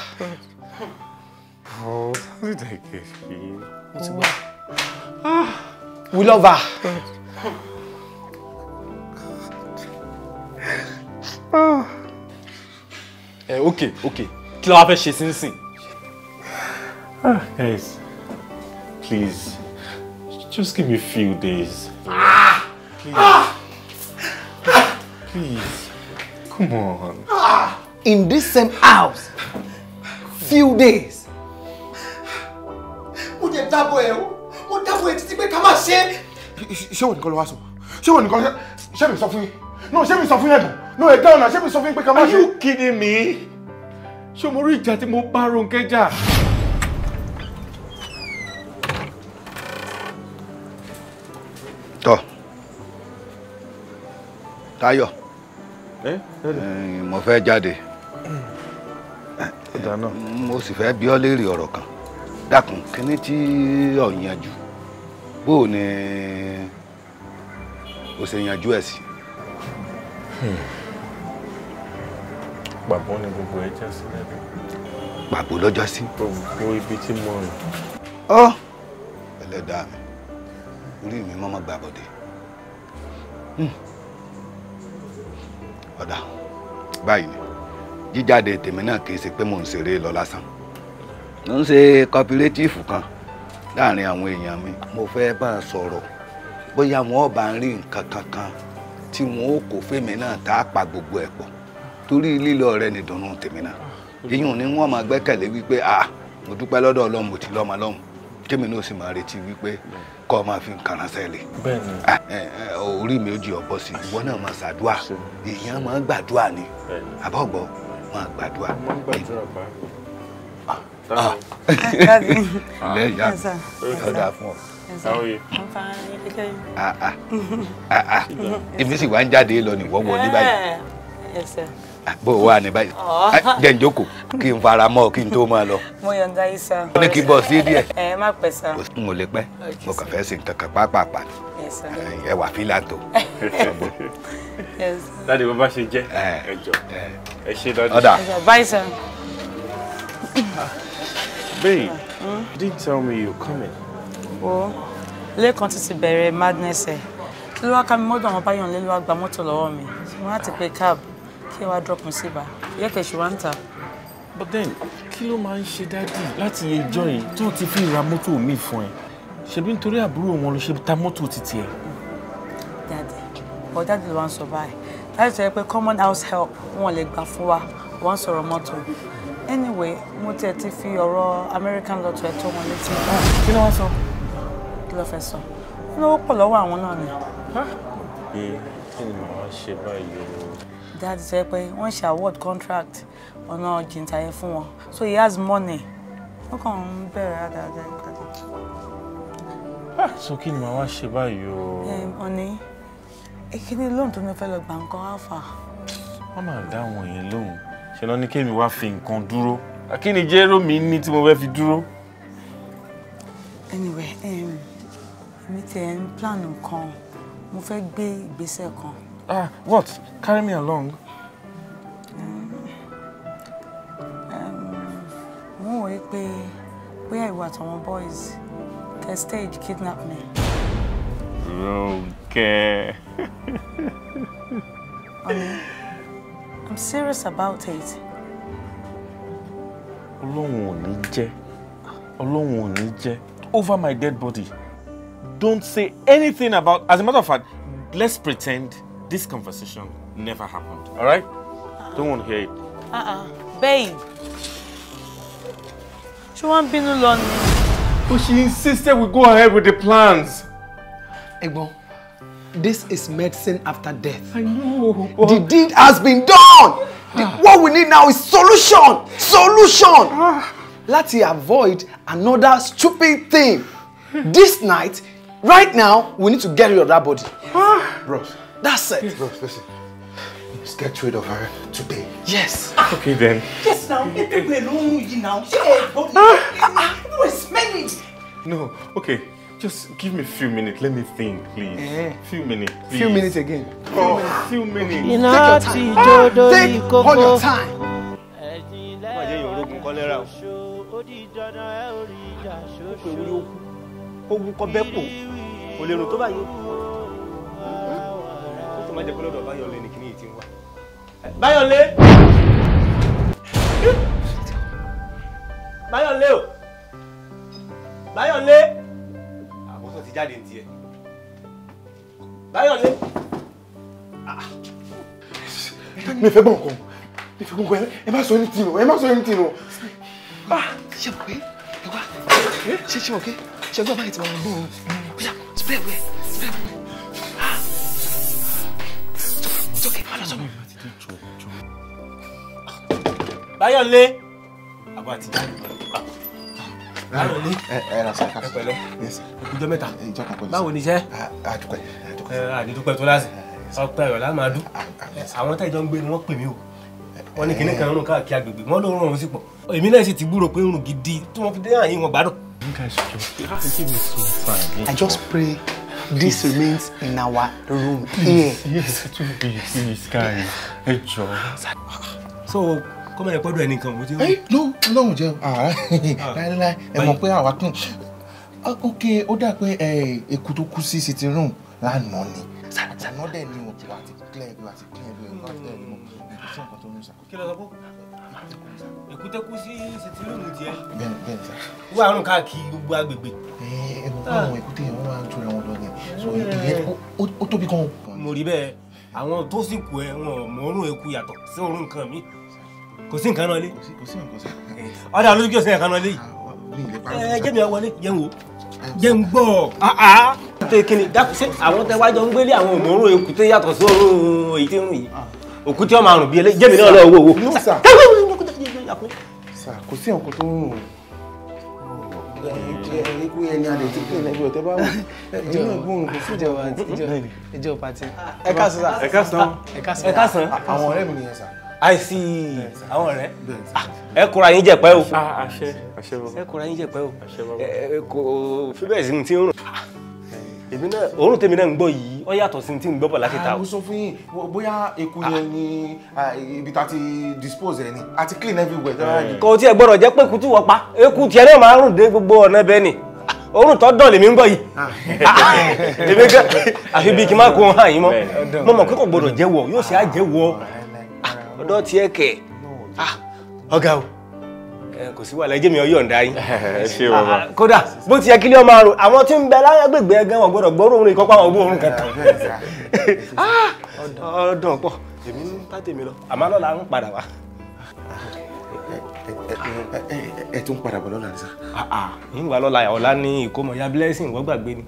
Oh, how did I get here? Mo ti gbọ́. Ah! We love her. ẹ ah. eh, ok ok kí ló wá fẹ́ ṣe sínsìn. ah guys please just give me a few days. Ah! please ah. please come on. Ah! in this same house few days. mo jẹ dábọ̀ ẹ̀ o mo dábọ̀ ẹ̀ títí pé ká má ṣe. ṣé wọn nìkan ló wá sọ ṣé wọn nìkan ṣé mi sọ fún yín náà ṣé mi sọ fún yín ẹ̀dùn no ẹ dáhùn náà ṣé mi sọ fún pé ká má ṣe. are you kidding me? ṣé mo rí ìjà tí mo bá Ronkẹ́ jà. tọ́ Táyọ̀ mo fẹ́ jáde mo sì fẹ́ bi ọ́ léèrè ọ̀rọ̀ kan dákun kíní tí ò yanjú bó o ní o ṣe yanjú ẹ̀ sí. Hmm. pàbó ni gbogbo ẹ já sí lẹ́nu. pàbó lọ́jọ́ sí. gbogbo ibi tí mo rìn. ọ ẹlẹ́dàá mi orí mi mọ́mọ́ gbà bọ̀dẹ̀ hmm. ọ̀dà báyìí ni jíjáde tèmi náà kì í ṣe pé mò ń ṣeré lọ lásán mo ń ṣe kọpirétífù kan láàrin àwọn èèyàn mi mo fẹ́ bá a sọ̀rọ̀ bóyá wọn ò bá ń rí nǹkan kankan tí wọn ò kó fèmí náà tá a pa gbogbo ẹ̀ pọ̀ torí lílọ rẹ ni dùnnú tèmi náà ìyún ni wọ́n máa gbẹ́kẹ̀lé wípé ah mo dúpẹ́ lọ́dọ̀ ọlọ́run mo ti lọ́mọ lọ́hùn kémi náà sì máa retí wípé kọ́ máa fi nǹkan ránṣẹ́ lè. bẹ́ẹ̀ni. orí mi ò jí ọbọ sí i ìwọ náà máa ṣàdúà èèyàn máa gbàdúà ni àbọ̀gbọ́ máa gbàdúà. mo máa gbàdúrà bá mi. lẹ́yìn àná ọ̀dà fún ọ [LAUGHS] èmi sì wá ń jáde lọ nìwọ́wọ́ ní báyìí. Ah, bó wà ní báyìí ah, jẹ́ ń jókòó kí n fara mọ́ kí n tó máa lọ. mo yọ̀ǹda yìí sá. ní kí n bọ̀ sí díẹ̀. [LAUGHS] ẹ má pẹ́ sá. n lè pẹ́ mo kàn fẹ́ sin kankan pàápàá ẹ wà fílà tó. [LAUGHS] dáàdi bó bá ṣe jẹ́ ẹ jọ ẹ ṣe dáàdi. báyìí sá. Babe, hmm? you didn't tell me you were coming. Oh, Lẹ́kan ti bẹ̀rẹ̀ madness ẹ̀. Kí ló wá ká mi mọ́dọ̀ àwọn báyọ̀ lé ló wá gba mọ́tò lọ́wọ́ mi. Wọ́n á ti pe cab kí wàá drop mi sí ibà yẹ kẹ̀ ṣì wá ń ta. but then kí ló máa ń ṣe dádì láti ẹjọ́ yìí tó ti fi ra mọ́tò mi fún ẹ ṣebí nítorí àbúrò wọn ló ṣe ta mọ́tò títí ẹ. dádì ọ̀ dádì ló wá ń sọ báyìí láti sọ pé common house help wọn lè gbà fún wa wọn ń sọ̀rọ̀ mọ́tò anyway mo tiẹ̀ ti fi ọ̀rọ̀ American lotto ẹ̀ tó wọn létí. kí ló wá sọ. kí ló fẹ́ sọ wọn lówó pọ̀ lọ́wọ́ àwọn náà ni. pé kí ni màá ṣe báyìí o dad sọ pé wọ́n ṣe award contract ọ̀nà jìntàyẹ fún wọn so he has money wọ́n kàn ń bẹ̀rẹ̀ àdáadáa ìpàdé. Ah, so kí ni màá wá ṣe báyìí o. ọ̀nì eh, ìkíní lóhùn tó ní fẹ́ lọ gbà nǹkan áfà. wọ́n máa dá àwọn yẹn lóhùn ṣe lọ ní kémi wá fi nǹkan dúró kí ni mi ní tí mo fẹ́ fi dúró. anyway èmi um, tiẹ̀ ń plan nǹkan mo fẹ́ gbé ìgbésẹ̀ kan. Ah, what? Carry me along. Um, um Wọ́n wòye pé bóyá ìwà àtàwọn boys the stage kidnap me. Okay. [LAUGHS] I'm serious about it. Ọlọ́run ò ní jẹ́. Ọlọ́run ò Over my dead body. Don't say anything about. As a matter of fact, let's pretend this conversation never happened, all right? Uh, Don't want to hear it. Uh-uh. Babe. She won't be no longer. But she insisted we go ahead with the plans. Egbon, this is medicine after death. I know. But... The deed has been done. The, ah. what we need now is solution. Solution. Ah. Let's avoid another stupid thing. This night, right now, we need to get rid of that body. Ah. Bros. That's it. Please, listen. Let's get rid of her today. Yes. Ah. Okay then. Yes now. Mm. No, ah. ah. it's many. No, okay. Just give me a few minutes. Let me think, please. Eh. Few minutes, please. Few minutes again. Oh. Few minutes. Few minutes. Take your time. Ah, take all your time. Má jẹ́ yòó rogun tó báyìí má jẹ́ pé lọ́dọ̀ ni kìnìyàn ti ń wá. báyọ̀lé. báyọ̀lé o. báyọ̀lé. àkóso ti jáde ní tiẹ̀. báyọ̀lé. mi fẹ́ bọ̀ nǹkan mi fẹ́ gbọ̀ngàn ẹ má sọ ẹni tì nù ẹ má sọ ẹni tì nù. ṣé mo pé ẹ wá ṣé ṣé mo pé ṣé gbọ́dọ̀ báyìí ti máa ń bọ̀ ọ́ spray wẹ̀ spray wẹ̀. sókè àbọ̀ àti báyọ̀ ń lé ẹ ra sàkà ẹ pẹ̀lẹ́ ìjọ mẹ́ta báwo ni iṣẹ́ àdúpẹ́ àdúpẹ́ tó láti ọpẹ́ ọ̀rọ̀ láti máa dún àwọn táyì jọ ń gbé ni wọ́n pè mí o wọ́n ní kíní kan rún káàkiri agbègbè wọ́n ló rún òun sí pọ̀ èmi náà sì ti gbúrò pé rún gidi tí wọ́n fi dé àyín wọn gbádùn. I just pray this remains in our room here. yes it will be please guys ẹ jọ. so kọ́mọ̀ ẹ̀ pọ́dọ̀ ẹnìkan mo jẹ́. ẹ ló lọ́hùn jẹ́ láíláí ẹ mọ̀ ah, pé àwa tún ah, ok ó dà pé èkó tó kú sí sitting room lánàá ni àná dẹ̀ ni o kìlọ̀ àti clear kìlọ̀ àti clear bí ẹ̀ka tẹ̀ ẹ̀ mọ̀ ẹ̀kú sí nǹkan tó ní ìṣàkóso. kìlọ̀ lọ́kọ́ èkó tó kú sí sitting room tiẹ̀. bẹ́ẹ̀ bẹ́ẹ̀ sá. wọ́n àrùn káàkiri gbogbo agbègbè. ẹ ẹ mọ̀ pé àwọn èkúté yẹn wọ́n máa ń jọra wọn lọ ní so ìyẹn ó tóbi gan. mo rí bẹ́ẹ̀ àwọn tó sì kú ẹ wọn mọ orun eku yàtọ̀ sí orun nǹkan mi kò sí nǹkan náà lé ọ̀dà lójú kí o sí nǹkan náà lé yìí ẹ jẹ́ mi wọlé jẹ́ n wò jẹ́ n gbọ́ tẹ kí ni dákun ṣe àwọn tẹ wájọ ń gbélé àwọn òmòrò eku tó yàtọ̀ sí orun èyí tí ń rìn yìí òkú tí wọ́n máa rùn bí ẹlẹ́jẹ̀mí náà lọ́wọ́ wò wò. sà kò sí nǹkan tó ń rùn o ikú yẹn ni a lè ti pè lẹ́gbẹ̀ẹ́ tẹ́ bá wù. ìjọ ìjọ ìjọ ìjọ pati. ẹ káàsán sá. ẹ káàsán. ẹ káàsán. àwọn ọ̀rẹ́ mi nìyẹn sá. àìsí àwọn ọ̀rẹ́. ẹ kóra yín jẹ̀pẹ́ o. ẹ kóra yín jẹ̀pẹ́ o. àṣẹ bọ́. kò fíbẹ̀ sí mi ti ń rùn èmi náà òórùn tèmi náà ń gbọ́ yìí ó yàtọ̀ sí ti ń gbọ́ bọ̀ láti ta o. Ah, mo sọ fún yín bóyá eku yẹn ni ah, ibi tá ti dispose ẹ ni àti clean everywhere. kò tiẹ̀ gbọ́dọ̀ jẹ́ pé eku tí pa eku tiẹ̀ náà máa ń rùn dé gbogbo ọ̀nà bẹ́ẹ̀ ni òórùn tó dán lèmi ń gbọ́ yìí ah. [LAUGHS] èmi gẹ́ àfi bí kí n má kó hàn yín mọ́ mo mọ̀ pé kò gbọ́dọ̀ jẹ́wọ́ yóò ṣe àjẹwọ́ ọ̀dọ́ tiẹ̀ kẹ̀ ọ̀gá o kò sí wàhálà ẹjẹ mi ọyọ ǹda yín. ṣé o bàbá. kódà bó ti yẹ kí ló máa rò àwọn tí ń bẹ lágbègbè ẹgán wọn gbọ́dọ̀ gbọrọ òun ìkọpá àwọn ògbóòrùn kankan. ọdún pọ èmi ń bá tèmi lọ àmọ́ lọ́la ń padà wá. ẹ tún padà bọ̀ lọ́la nìsa. ìwà lọ́la ọ̀la ní ìkómọ ya blessing wọ́n gbàgbé ni.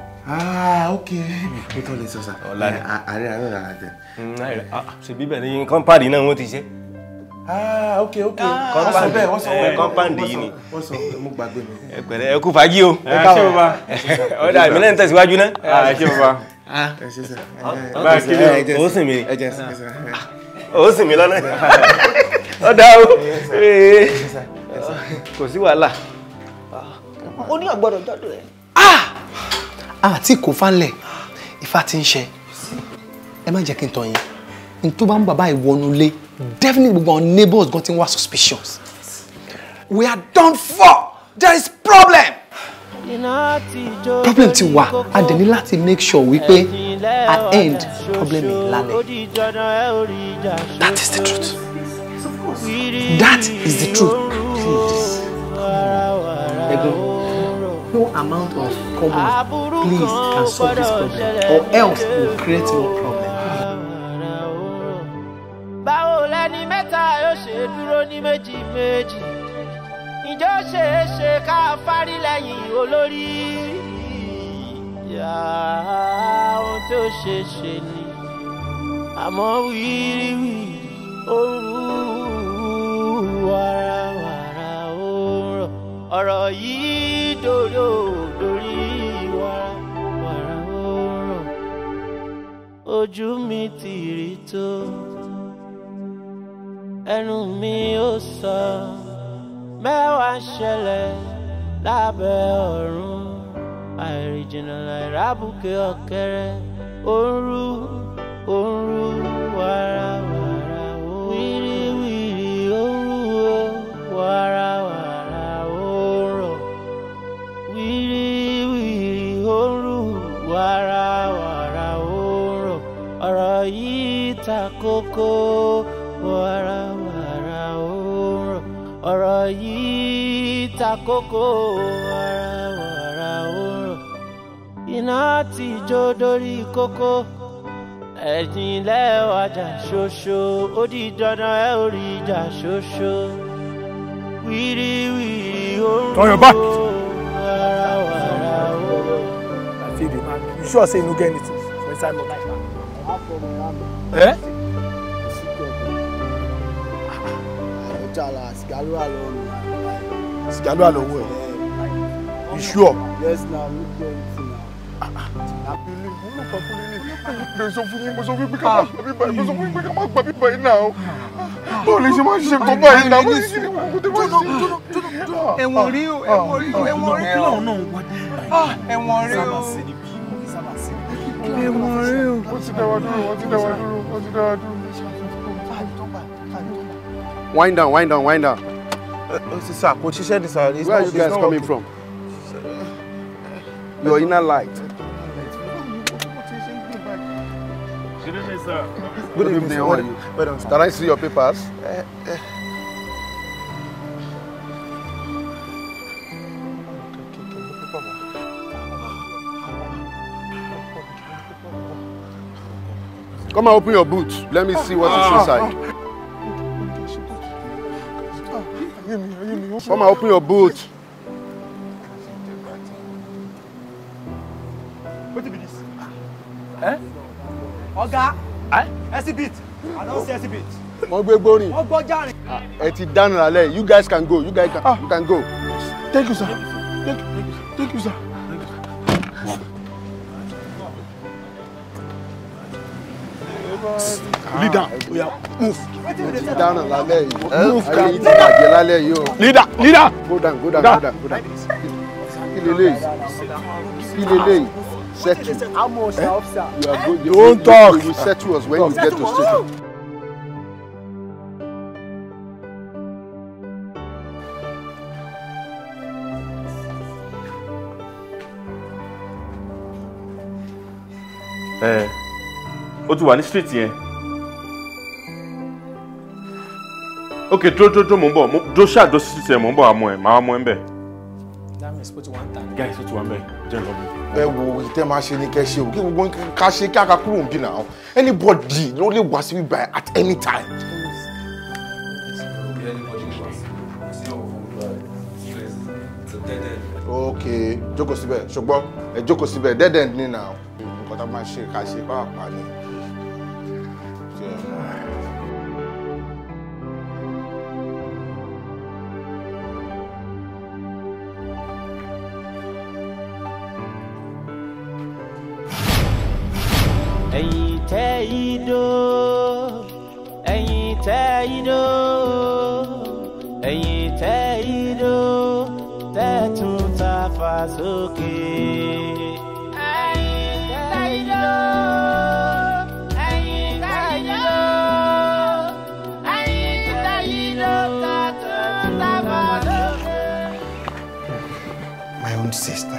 ok mo tọ́ lè sọ sa. ọ̀la ni àárẹ̀ àárẹ̀ àárẹ̀. ṣèbí bẹ́ẹ̀ ni kọ́ńpáàdì náà wọ́n ti ṣe ah ok ok ah. wọ́n sọ bẹ́ẹ̀ wọ́n sọ bẹ́ẹ̀ kọ́ńpáǹdì yìí ni wọ́n sọ mo gbàgbé mi. ẹ pẹ̀lẹ́ ẹ kú fàájì o ẹ káwọ ọdà ìmílẹ̀ ń tẹ̀síwájú náà. Ah, ẹ ṣe bàbá ah. ẹ ṣe sẹ báyìí kí ni o sìn mí o sìn mí lọ́nà ọ̀dà o kò sí wàhálà. o ní ọ̀gbọ́dọ̀ jọ́dọ̀ ẹ. àti kò fanlẹ̀ ifá ti ń ṣe ẹ má jẹ́ kí n tọ̀ yín n tó bá ń bàbá ìwọ́nulé definitely gbogbo àwọn neighbors gan ti suspicious we are done for there is problem problem ti wa. And dẹ̀ ní láti make sure we wípé at end problem yìí Lale. that is the truth that is the truth please ẹ̀gbọ́n no amount of common please can solve this problem or else we create more problem. ṣe dúró ní méjì méjì ìjọ ṣe é ṣe ká fárí lẹ́yìn olórí ìyá ohun tí ó ṣe ṣe ni àmọ́ wíríwí òru warawara ó rọ̀ ọ̀rọ̀ yìí dòdò dòrí warawara ó rọ̀ ojú mi tìrì tó ẹnu mi ò sọ mẹ́wàá ṣẹlẹ̀ lábẹ́ ọ̀run àìrìnjìnà láìrábùkẹ́ ọ̀kẹ́rẹ́ òru òru wàràwàrà ó wíríwíri òru ó wàràwàrà ó rọ̀ wíríwíri òru wàràwàrà ó rọ̀ ọ̀rọ̀ yìí ta kókó wàràwàrà ọ̀rọ̀ yìí ta kókó ara òrò iná ti jó dórí kókó ẹ̀jìn lẹ́wà jà ṣoṣo ó di dandan ẹ ò rí jà ṣoṣo wíríwírí òrùn ó ara òrò. I feel the man. You sure say you no get anything for Yes, now now. you, jàlá sìgá ló wà lọ́wọ́ mi. sìgá ló wà lọ́wọ́ ẹ̀ you um, sure. yes na mi gbọ́ ẹ̀ ti na. mo sọ fún yín mo sọ fún yín pé ká má gbà bíbá yín mo sọ fún yín pé ká má gbà bíbá yín náà báwo lè ṣe máa ń ṣe nǹkan báyìí náà báwo lè ṣe máa ń ṣe nǹkan báyìí. ẹ̀wọ̀n rí o ẹ̀wọ̀n rí o ẹ̀wọ̀n ah, rí o ẹ̀wọ̀n rí o ẹ̀wọ̀n rí o. wọ́n ti dá wa dúró wọ́n ti dá wa dúró wọ́n ti dá wa dúró. Wind down, wind down, wind down. Uh, oh, sir, kò ṣiṣẹ́ ni sir. Where are you guys coming from? Your inner light. Good evening, sir. Good evening, how are you? Can I see your papers? Eh, eh. Come and open your boot. Let me see what is ah, ah, inside. Ah. Come and open your boot. What be this? Eh? Oga? Eh? Esi beat. I don't see esi beat. Mo gbé gbórin. Mo gbọ́ járin. Ah, ẹ ti dánù lálẹ́. You guys can go. You guys can, ah. you can go. Thank you, sir. Thank you, thank you, sir. Ah. Leader, we are move mo ti dáràn lálẹ́ yìí ayé yìí bàjẹ́ lálẹ́ yìí o. leader leader. go down go down go down go down kí lè léyìí kí lè léyìí settle eh? you are good don't talk you, will settle us when you get to station. ẹ eh, ó ti wà ní street yẹn. ok dúró dúró dúró mò ń bọ̀ dúró ṣáà dúró sí tiẹ̀ mò ń bọ̀ àmọ́ ẹ̀ máa mọ́ ẹ̀ ń bẹ̀. Damius ti wá ń tà ní. guys ó ti wá ń bẹ̀ jẹ́ lọ́bù. ẹ wo ìtẹ́ máa ṣe ni kẹ́ ṣe o kí gbogbo ká ṣe kí aka kúrò níbí náà anybody ló lè wá síbí by at any time. ok jókòó síbẹ̀ ṣùgbọ́n ẹ jókòó síbẹ̀ dead end ni náà nǹkan tá a máa ṣe ká ṣe pàápàá ni. tún ta tún ta My own sister.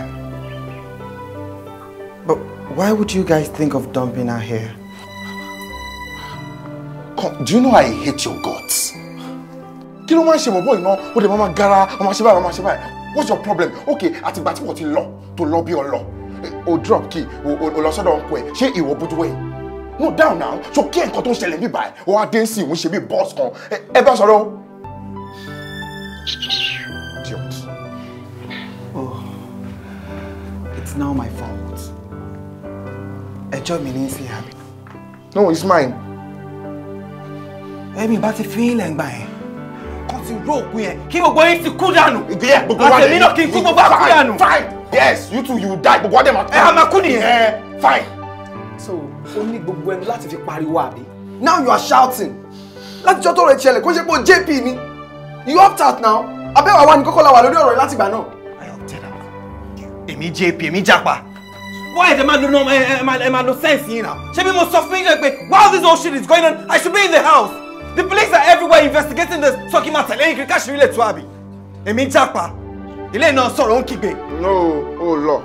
But why would you guys think of dumping her here? Come, do you know I hate your guts? Kí ló máa ń ṣe bọ̀bọ̀ iná? Ó lè máa máa gara, ó máa ṣe báyìí, ó máa báyìí. What's your problem? Okay, àtìgbà tí wọ́n ti lọ tó lọ bí ọlọ. O drop key, o lọ sọ́dọ̀ ọkọ ẹ̀, ṣé ìwọ bójú wẹ̀? No down now, so kí nǹkan tó ń ṣẹlẹ̀ bíbá ẹ̀, ó wá dé sí ìwọ̀n ṣe bí bọ́ọ̀sì kan. Ẹ bá sọ̀rọ̀ o. Idiot. Oh, it's now my fault. Ẹjọ́ mi ní í sí àmì. No, it's mine ẹ̀mí bá ti fi ilẹ̀ ń gbà yẹn kó ti ró òkun yẹn kí gbogbo yín ti kú dànù àtẹ̀mí náà kí n kú gbogbo àkú dànù. fine yes you two you die gbogbo ọdẹ ma. ẹ a ma kú nìyẹn. Eh, fine. so o ní gbogbo ẹnu láti fi pariwo àbí. now you are shouting látijọ́ tó rẹ̀ ṣẹlẹ̀ kó ṣe pé o jp ni you opt out now abẹ́wà wa ni kókó la wà lórí ọ̀rọ̀ yìí láti gbà náà. i opted out èmi jp èmi japa why dem ma lo no ma ma lo sense here now. ṣebí be more fún yín pé while this whole shit is going on i should be in the house. The police are everywhere investigating this talking matter lẹ́yìn kiri káṣírí ilẹ̀ tó àbí. Èmi ń jápa. Ilé náà sọ̀rọ̀ ń kígbe. No, o lọ.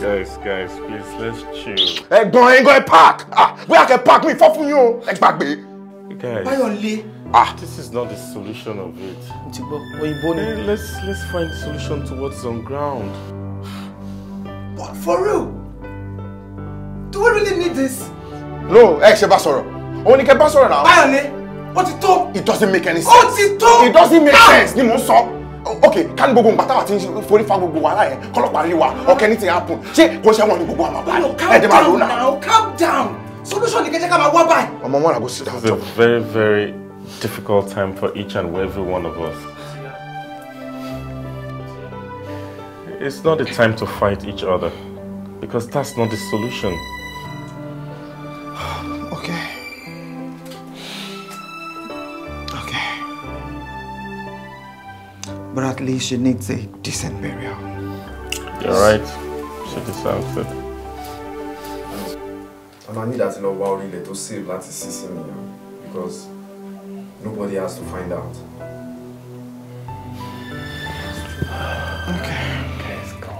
Guys, guys, please let's chill. Ẹ̀gbọ́n ẹ̀gbọ́n ẹ park. Ah, bóyá kẹ park mi fọ́ fún yín o. Ẹ gbàgbé. Guys. Báyọ̀ lé. Ah, this is not the solution of it. Ntigbo, òyìnbó ni. let's let's find solution to what's on ground. But for real, do we really need this? No, ẹ ṣe bá sọ̀rọ̀. Òun ni kẹ bá sọ̀rọ̀ náà. Báyọ̀ lé ó ti tó. it doesn't make any sense. ó ti tó. it doesn't make ah! sense ni mò ń sọ. ok ká ní gbogbo nǹkan tí forí fa gbogbo wàhálà yẹn kọlọ́pàá rí wa ọkẹ́ ní ti happen ṣé kò ṣe wọn ní gbogbo àmà báyìí ẹ̀jẹ̀ máa lò náà. calm down solution ni kẹ́jẹ́ ká máa wá báyìí. ọmọ wọn àgọ́ sí dáhùn. this is a very very difficult time for each and every one of us. It's not the time to fight each other because that's not the solution. But at least she needs a decent burial. You're right. She deserves it. And I need that love while really to save that system here because nobody has to find out. Okay. Please go.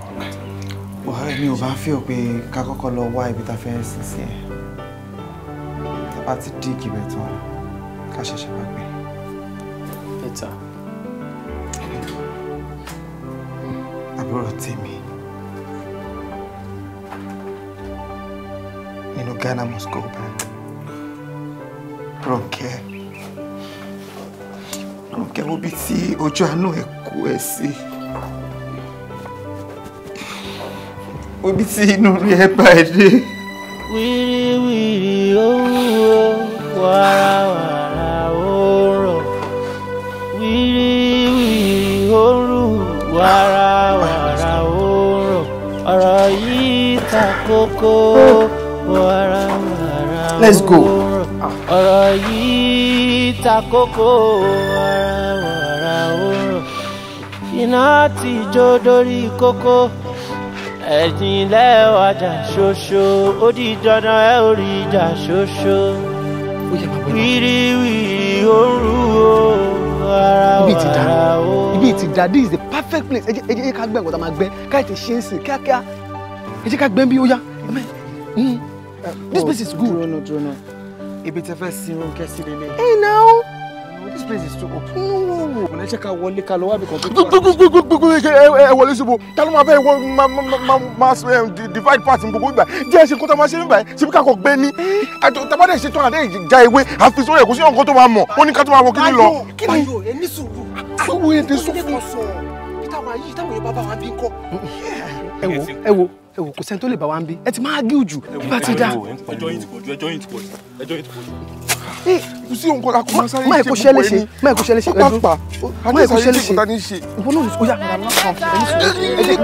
Wàá ẹni ò bá feel pé ká kọ́kọ́ lọ wá ibi tá fẹ́ sí sí ẹ̀. Tá bá ti dig ibẹ̀ tán, ká ṣẹ̀ṣẹ̀ wá you. Peter. àbúrò you know Ghana must go back Ronke Ronke wo bi tí ojú àánú ẹ kú ẹ sí wo bi tí inú rí ẹ bá ẹ dé. oh owó wàrà wàrà. Let's go. ọ̀rọ̀ yìí ta kókó wàràwàrà iná ti jó dórí kókó ẹ̀jìn lẹ́wà jà ṣoṣo ó dandan ẹ ò rí jà ṣoṣo wíríwíri òru o wàràwàrà o. ibi ìtìjà this is the perfect place ẹ jẹ́ ká gbẹ́ máa gbẹ́ ká ètè ṣe é sè kíákíá ẹ jẹ́ ká gbẹ́ bí ó yá mm. this oh, place is good. drona drona ibi tẹ fẹ́ sin oúnjẹ sí lélẹ̀. ẹ nà ó. this place is too open. ọ̀nà ẹ̀ṣẹ̀ ká wọlé ká lọ wá bí kan tó tó wà. wọlé síbo ta ló máa fẹ́ wọ máa um, divide part gbogbo ìgbà jẹ́ ẹ ṣe kóta máa ṣe nígbà yẹn síbi kakọ gbé ní. tabadẹ ṣe tán àdéhìí ja ewé àfi sórí ẹ̀kú sí ọ̀nkọ́ tó máa mọ̀ ó ní ká tó máa wọ kí lọ. ayo ẹ ní sùúrù. wo ẹ wò kò sẹ́ni tó lè bá wa ń bí ẹ ti máa gíw jù bá ti dá. ẹjọ́ yìí ti pọ̀ jù ẹjọ́ yìí ti pọ̀ jù ẹjọ́ yìí ti pọ̀ jù. kò eh, sí òun máa sáré ṣe gbogbo ẹni máa kó máa kó ṣe ìwọ náà ó yà mí lánàá kan kí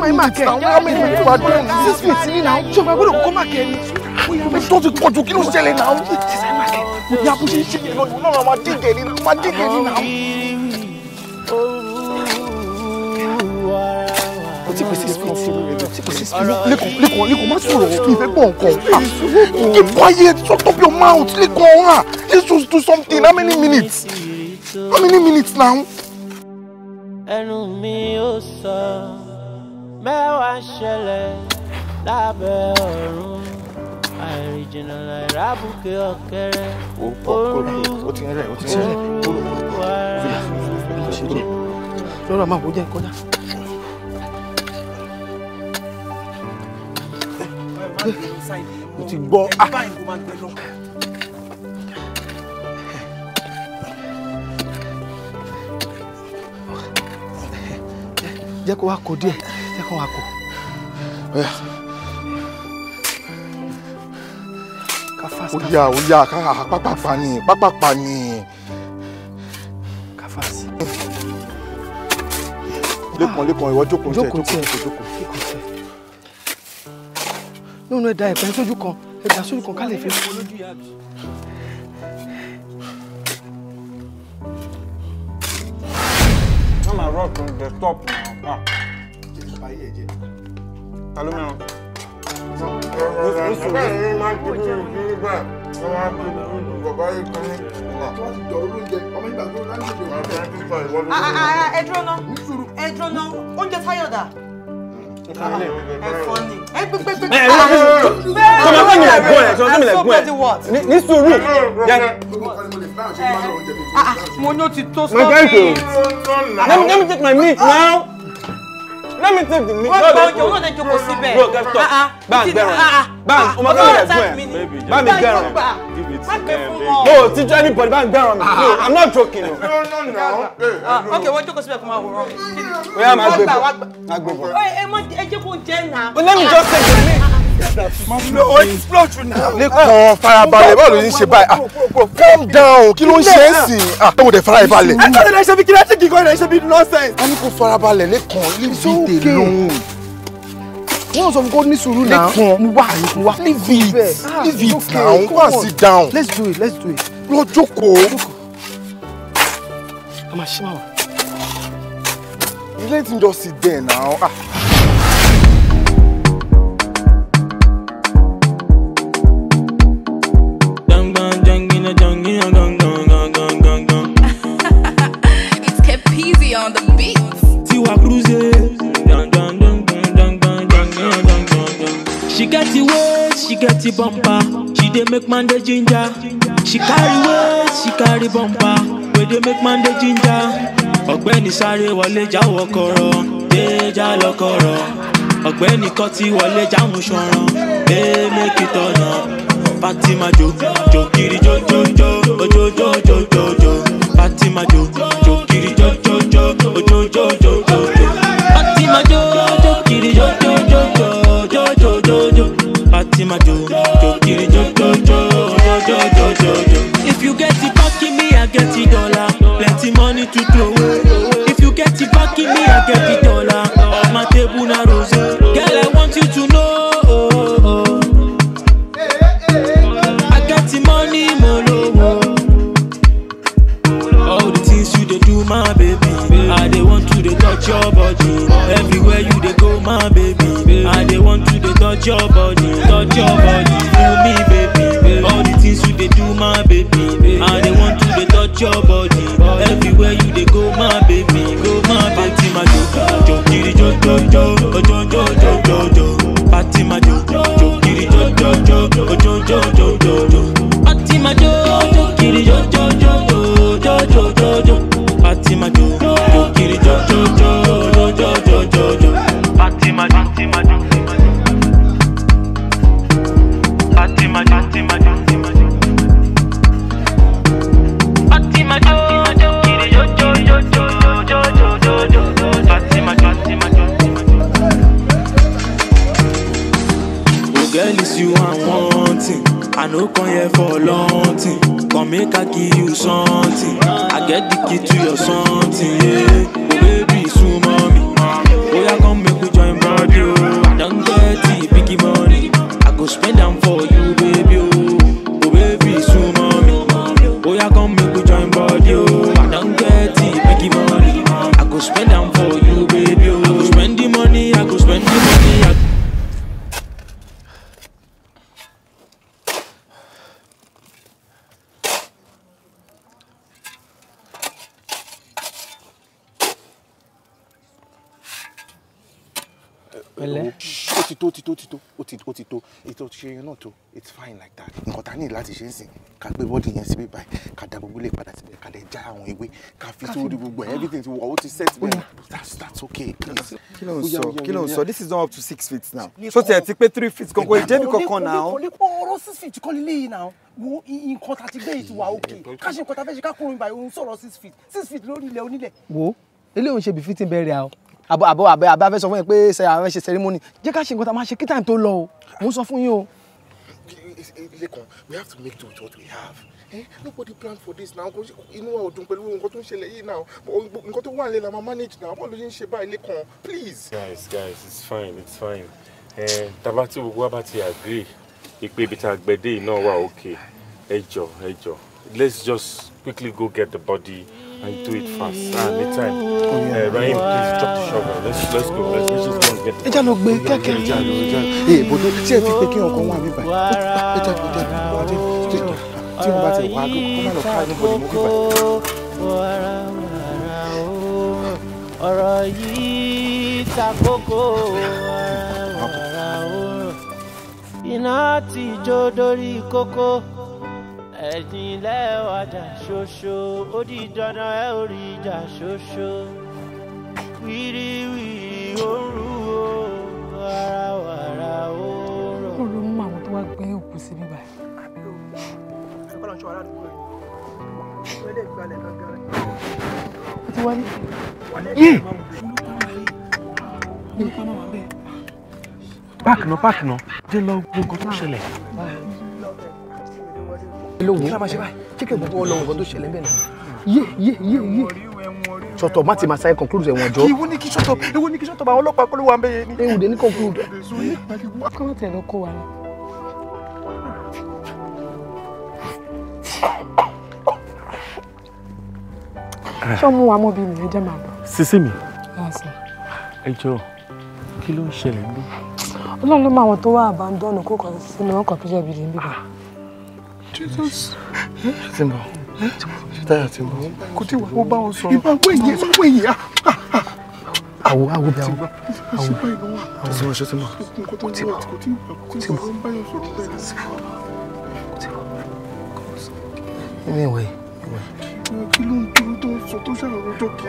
máa yín máa kẹ́ ẹ jẹ́ máa kẹ́ six ní náà ṣe ń lọ́nà máa dìgẹ̀ ní náà máa dìgẹ̀ ní náà. tí kò sí speed tí kò sí speed lẹ́kọ̀ọ́ lẹ́kọ̀ọ́ lẹ́kọ̀ọ́ má sọ̀rọ̀ mi fẹ́ gbọ́ nǹkan keep quiet shut up your mouth lẹ́kọ̀ọ́ ha let's just do something how many minutes how many minutes now. ẹnu mi ò sọ mẹ́wàá ṣẹlẹ̀ lábẹ́ ọ̀run àìrìnjìnà láìra bùkẹ́ ọ̀kẹ́rẹ́ òru òru wàrà. lọ́rọ̀ máa wò jẹ́ kọjá. mo ti gbọ́. Ah. jẹ́ kó wá kó díẹ̀ jẹ́ kó wá kó. ó yá ó yá pápápá ni pápápá ni. lẹ́kàn lẹ́kàn ìwọ jókòó ń tẹ̀ jókòó ń tẹ̀ jókòó nínú ẹ̀dá ẹ̀pẹ́ sójú kan ẹ̀dá sójú kan ká lè fi. wọ́n máa rọ̀ tó ń jẹ tọ́pù náà. ta ló mẹ́ràn. Ah, ah, ah, ẹ dúró ná, ẹ dúró ná, oúnjẹ Táyọ̀ dà come come come Come come come on, on, on! on, on, on! ní sùúrù mo ní o ti tó sọ́kì. let me let me take my meat now let me take the lead. wọ́n gbọ́ oúnjẹ wọ́n lè jókòó síbẹ̀. bro get Ah, ah. bá ah, ah. mi gbẹ̀rùn bá mi ọmọ kẹ́lẹ́ rẹ̀ gbọ́n give it to me. no teach anybody bá mi on mi i'm not joking o. ok wọ́n jókòó síbẹ̀ kó máa wòran. oya máa gbé bọ̀ máa gbé bọ̀. you jẹ́ kó now. nà. let me just take the lead no explode you now. nìkan farabalẹ̀ báwo ló ń ṣe báyìí ah, calm down kí ló ń ṣe é sí i. tó o dẹ̀ farabalẹ̀. ẹ tọ́jú ẹ ṣe bí kíláàtìkì kan ẹ ṣe bí nọ́ọ̀sẹ̀. a ní kó farabalẹ̀ nìkan leave it alone. wọ́n sọ fún kó ní sùúrù náà. nìkan wá wá leave it leave it ah, now go and sit down. let's do it let's do it. lọ jókòó. a máa ṣe máa wà. you let him just sit there now. Ah. get the bumper. She dey make man dey ginger. She carry weight, she carry bumper. We dey make man dey ginger. Ọ̀gbẹ́ni sáré wọlé jáwọ́ kọ̀rọ̀, déjà lọ kọ̀rọ̀. Ọ̀gbẹ́ni kọ́ ti wọlé jáwọn ṣọ̀ràn, dé méjì tọ̀nà. Fatima jo, jo kiri jo jo jo, ojo jo jo jo jo. Fatima jo, jo kiri jo jo jo, ojo jo jo jo jo. tí máa jó jó kiri jó jó If you get the back in me, I get the dollar, plenty money to throw. If you get the back in me, I get the dollar, my table na roll. pẹ̀lẹ́ ó ti tó ti tó ti tó ó ti ó ti tó ètò ṣe yẹn náà tó it's fine like that nǹkan tá ní láti ṣe ń sìn ká gbé bọ́ọ̀dì yẹn síbí báyìí ká da gbogbo ilé padà síbẹ̀ ká lè já àwọn ewé ká fi sórí gbogbo ẹ̀ ah. everything ti wọ̀ ó ti set bẹ́ẹ̀ that's that's okay please. kí ló ń sọ kí ló ń sọ this is not up to six feet now so tiẹ̀ ti pé three feet kankan ìjẹ́bi kankan náà. nípa ọ̀rọ̀ six feet kọ́ lílé yìí náà wo nǹkan tá ti gbé yìí ti wà okay ká ṣe nǹkan tá fẹ́ ṣe ká kúrò àbọ̀ àbọ̀ àbẹ̀ àbẹ̀ afẹ́ sọ fún yín pé ṣe àwọn ṣe ceremony jẹ́ ká ṣe nǹkan tá a máa ṣe kí táyìn tó lọ o mò sọ fún yín o. lẹ́kàn we have to make do with what we have eh? nobody plan for this now inú wa ò dùn pẹ̀lú nǹkan tó ń ṣẹlẹ̀ yìí now nǹkan tó wà nílẹ̀ la máa manage now bọ́ọ̀lù yìí ń ṣe báyìí lẹ́kàn please. guys guys it's fine it's fine eh, tàbá tí gbogbo wa bá ti agree ìpè ibi tá a gbẹ̀dẹ̀ yìí náà wà okay ẹ jọ let's just quickly go get the body. Mm and do it fast. Ah, the time. Oh, eh, yeah. uh, Rahim, please drop the shovel. Let's let's go. Let's, let's just go and get. Ẹja lọ gbé kẹ́kẹ́. Ẹja lọ ẹja. Ee bòdó tí ẹ fi pé kí ọkàn wà níbàyí. Ẹja lọ ẹja lọ eh, wà dé. Tí wọ́n bá ti wá kó kó má lọ ká ní bòdì mú bíbáyìí. Ọ̀rọ̀ yìí ta kókó iná ti jó dórí kókó ẹ̀jìn ilẹ̀ ọjà ṣoṣo ó di dandan ẹ ò rí ìjà ṣoṣo wíríwíri òru o ara wàrà ó rọ. ó ló mú àwọn tó wá gbé òkú sí bíbá yìí. ó ti wá ní. báàkì náà báàkì náà dé lọ gbogbo tó ṣẹlẹ̀ ló wò. kí la máa ṣe báyìí kí kí gbogbo ọlọ́run kan tó ṣẹlẹ̀ ń bẹ̀ náà. yé yé yé yé shut up má ti máa sign conclude ẹ̀wọ̀n jọ. ìwọ ni kí shut up ìwọ ni kí shut up àwọn ọlọ́pàá kọ́ ló wà ń bẹ̀yẹ ni. ewu de ní conclude. kí wọ́n tẹ̀lé kó wa ni. ṣé ọmọ wa mọ bí mi ẹ jẹ máa bọ. sisi mi ah, ẹ jọ kí ló ń ṣẹlẹ̀ ń bí. ọlọ́run ló máa wọn tó wá àbá ń dọ́nà kó kàn sínú ọkọ̀ tó jẹ̀bi lè ń bí. Jesus. Ah, ah, ah. Ti mọ̀. Táyà ti mọ̀. Kò tí wà ó bá wọn sọ̀rọ̀. Ìbá wẹ̀ yẹ ìbá wẹ̀ yẹ. Àwọ̀ àwọ̀ bí àwọ̀. Àwọ̀ àwọ̀ ti mọ̀ ṣe ti mọ̀. Kò tí mọ̀. Kò tí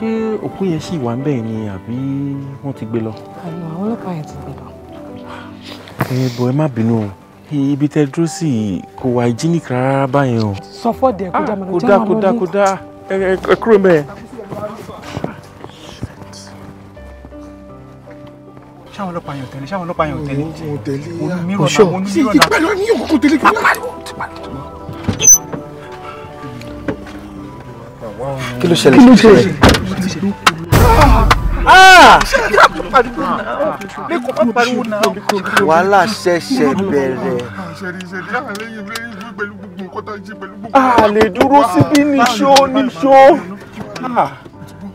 Ṣé òkú yẹn ṣì wà ń ni àbí wọ́n ti gbé lọ? àwọn ọlọ́pàá yẹn ti gbé lọ. Ẹ bọ̀ ẹ má bínú o ibi tẹ dúró sí kò wà hygienic rárá báyìí o. sọ fọdẹ kó ah, dá mọlẹ jẹ mọlẹ kó dá kó dá ẹ kúrò mẹ. sáwọn ọlọ́pàá yẹn ò tẹ̀lé sáwọn ọlọ́pàá yẹn ò tẹ̀lé. mo tẹ̀lé ya kò sí ìgbà lọ ní òkú tẹ̀lé kí n kí ló ṣẹlẹ̀ kí ló ṣẹlẹ̀ pariwo náà lẹ́kọ̀ọ́ ah, ah, ah. má pariwo náà. wàhálà ṣẹ̀ṣẹ̀ bẹ̀rẹ̀. a lè dúró síbí níṣó níṣó níṣó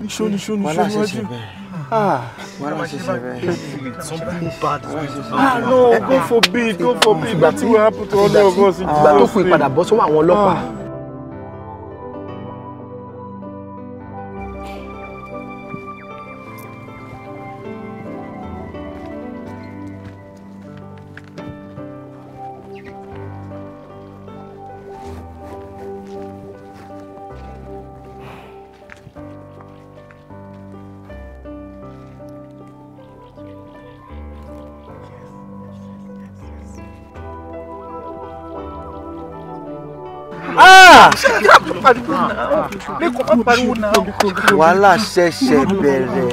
níṣó níṣó níwájú. Ah, wàhálà ṣẹ̀ṣẹ̀ bẹ̀rẹ̀. Something bad is going to happen. Ah no, God forbid, God forbid. Ìgbà tí wọ́n happen to ọdẹ ọgọ́sì. Ìgbà tó fún ìpadàbọ̀ sọ́wọ́ àwọn ọlọ́pàá. pariwo náà ah, ah. lẹ́kọ̀ọ́ má pariwo náà. wàhálà ṣẹ̀ṣẹ̀ bẹ̀rẹ̀.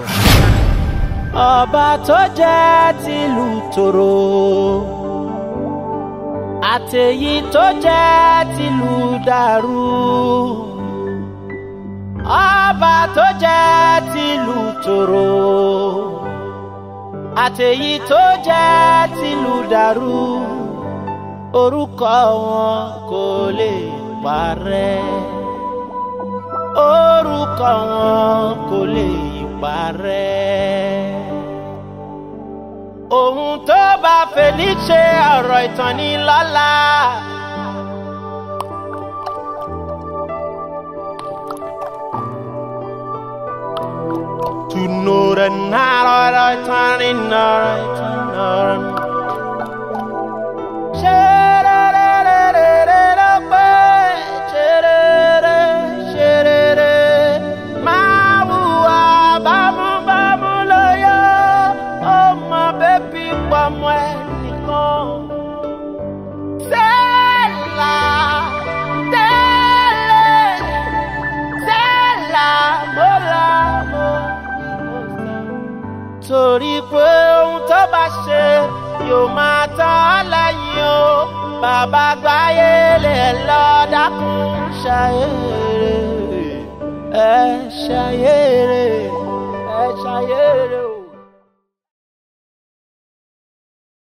ọba tó jẹ́ tìlú tòró àtẹ̀yí tó jẹ́ tìlú dàrú ọba tó jẹ́ tìlú tòró àtẹ̀yí tó jẹ́ tìlú dàrú orúkọ wọn kò lè parẹ́ orúkọ wọn kò lè parẹ́. ohun tó bá Felix ṣe ọ̀rọ̀ ìtàn ní lọ́la. Tunore naro ra tani naro tani naro. pa mọ́ ẹnìkan. Sẹ́ẹ̀là tẹ́lẹ̀ sẹ́ẹ̀là mo là mo ní mo sọ. Torí pé ohun tó bá ṣe yóò máa tán á lẹ́yìn o. Bàbá gbáyé lè lọ dákun ṣàyèrè ẹ ṣàyèrè ẹ ṣàyèrè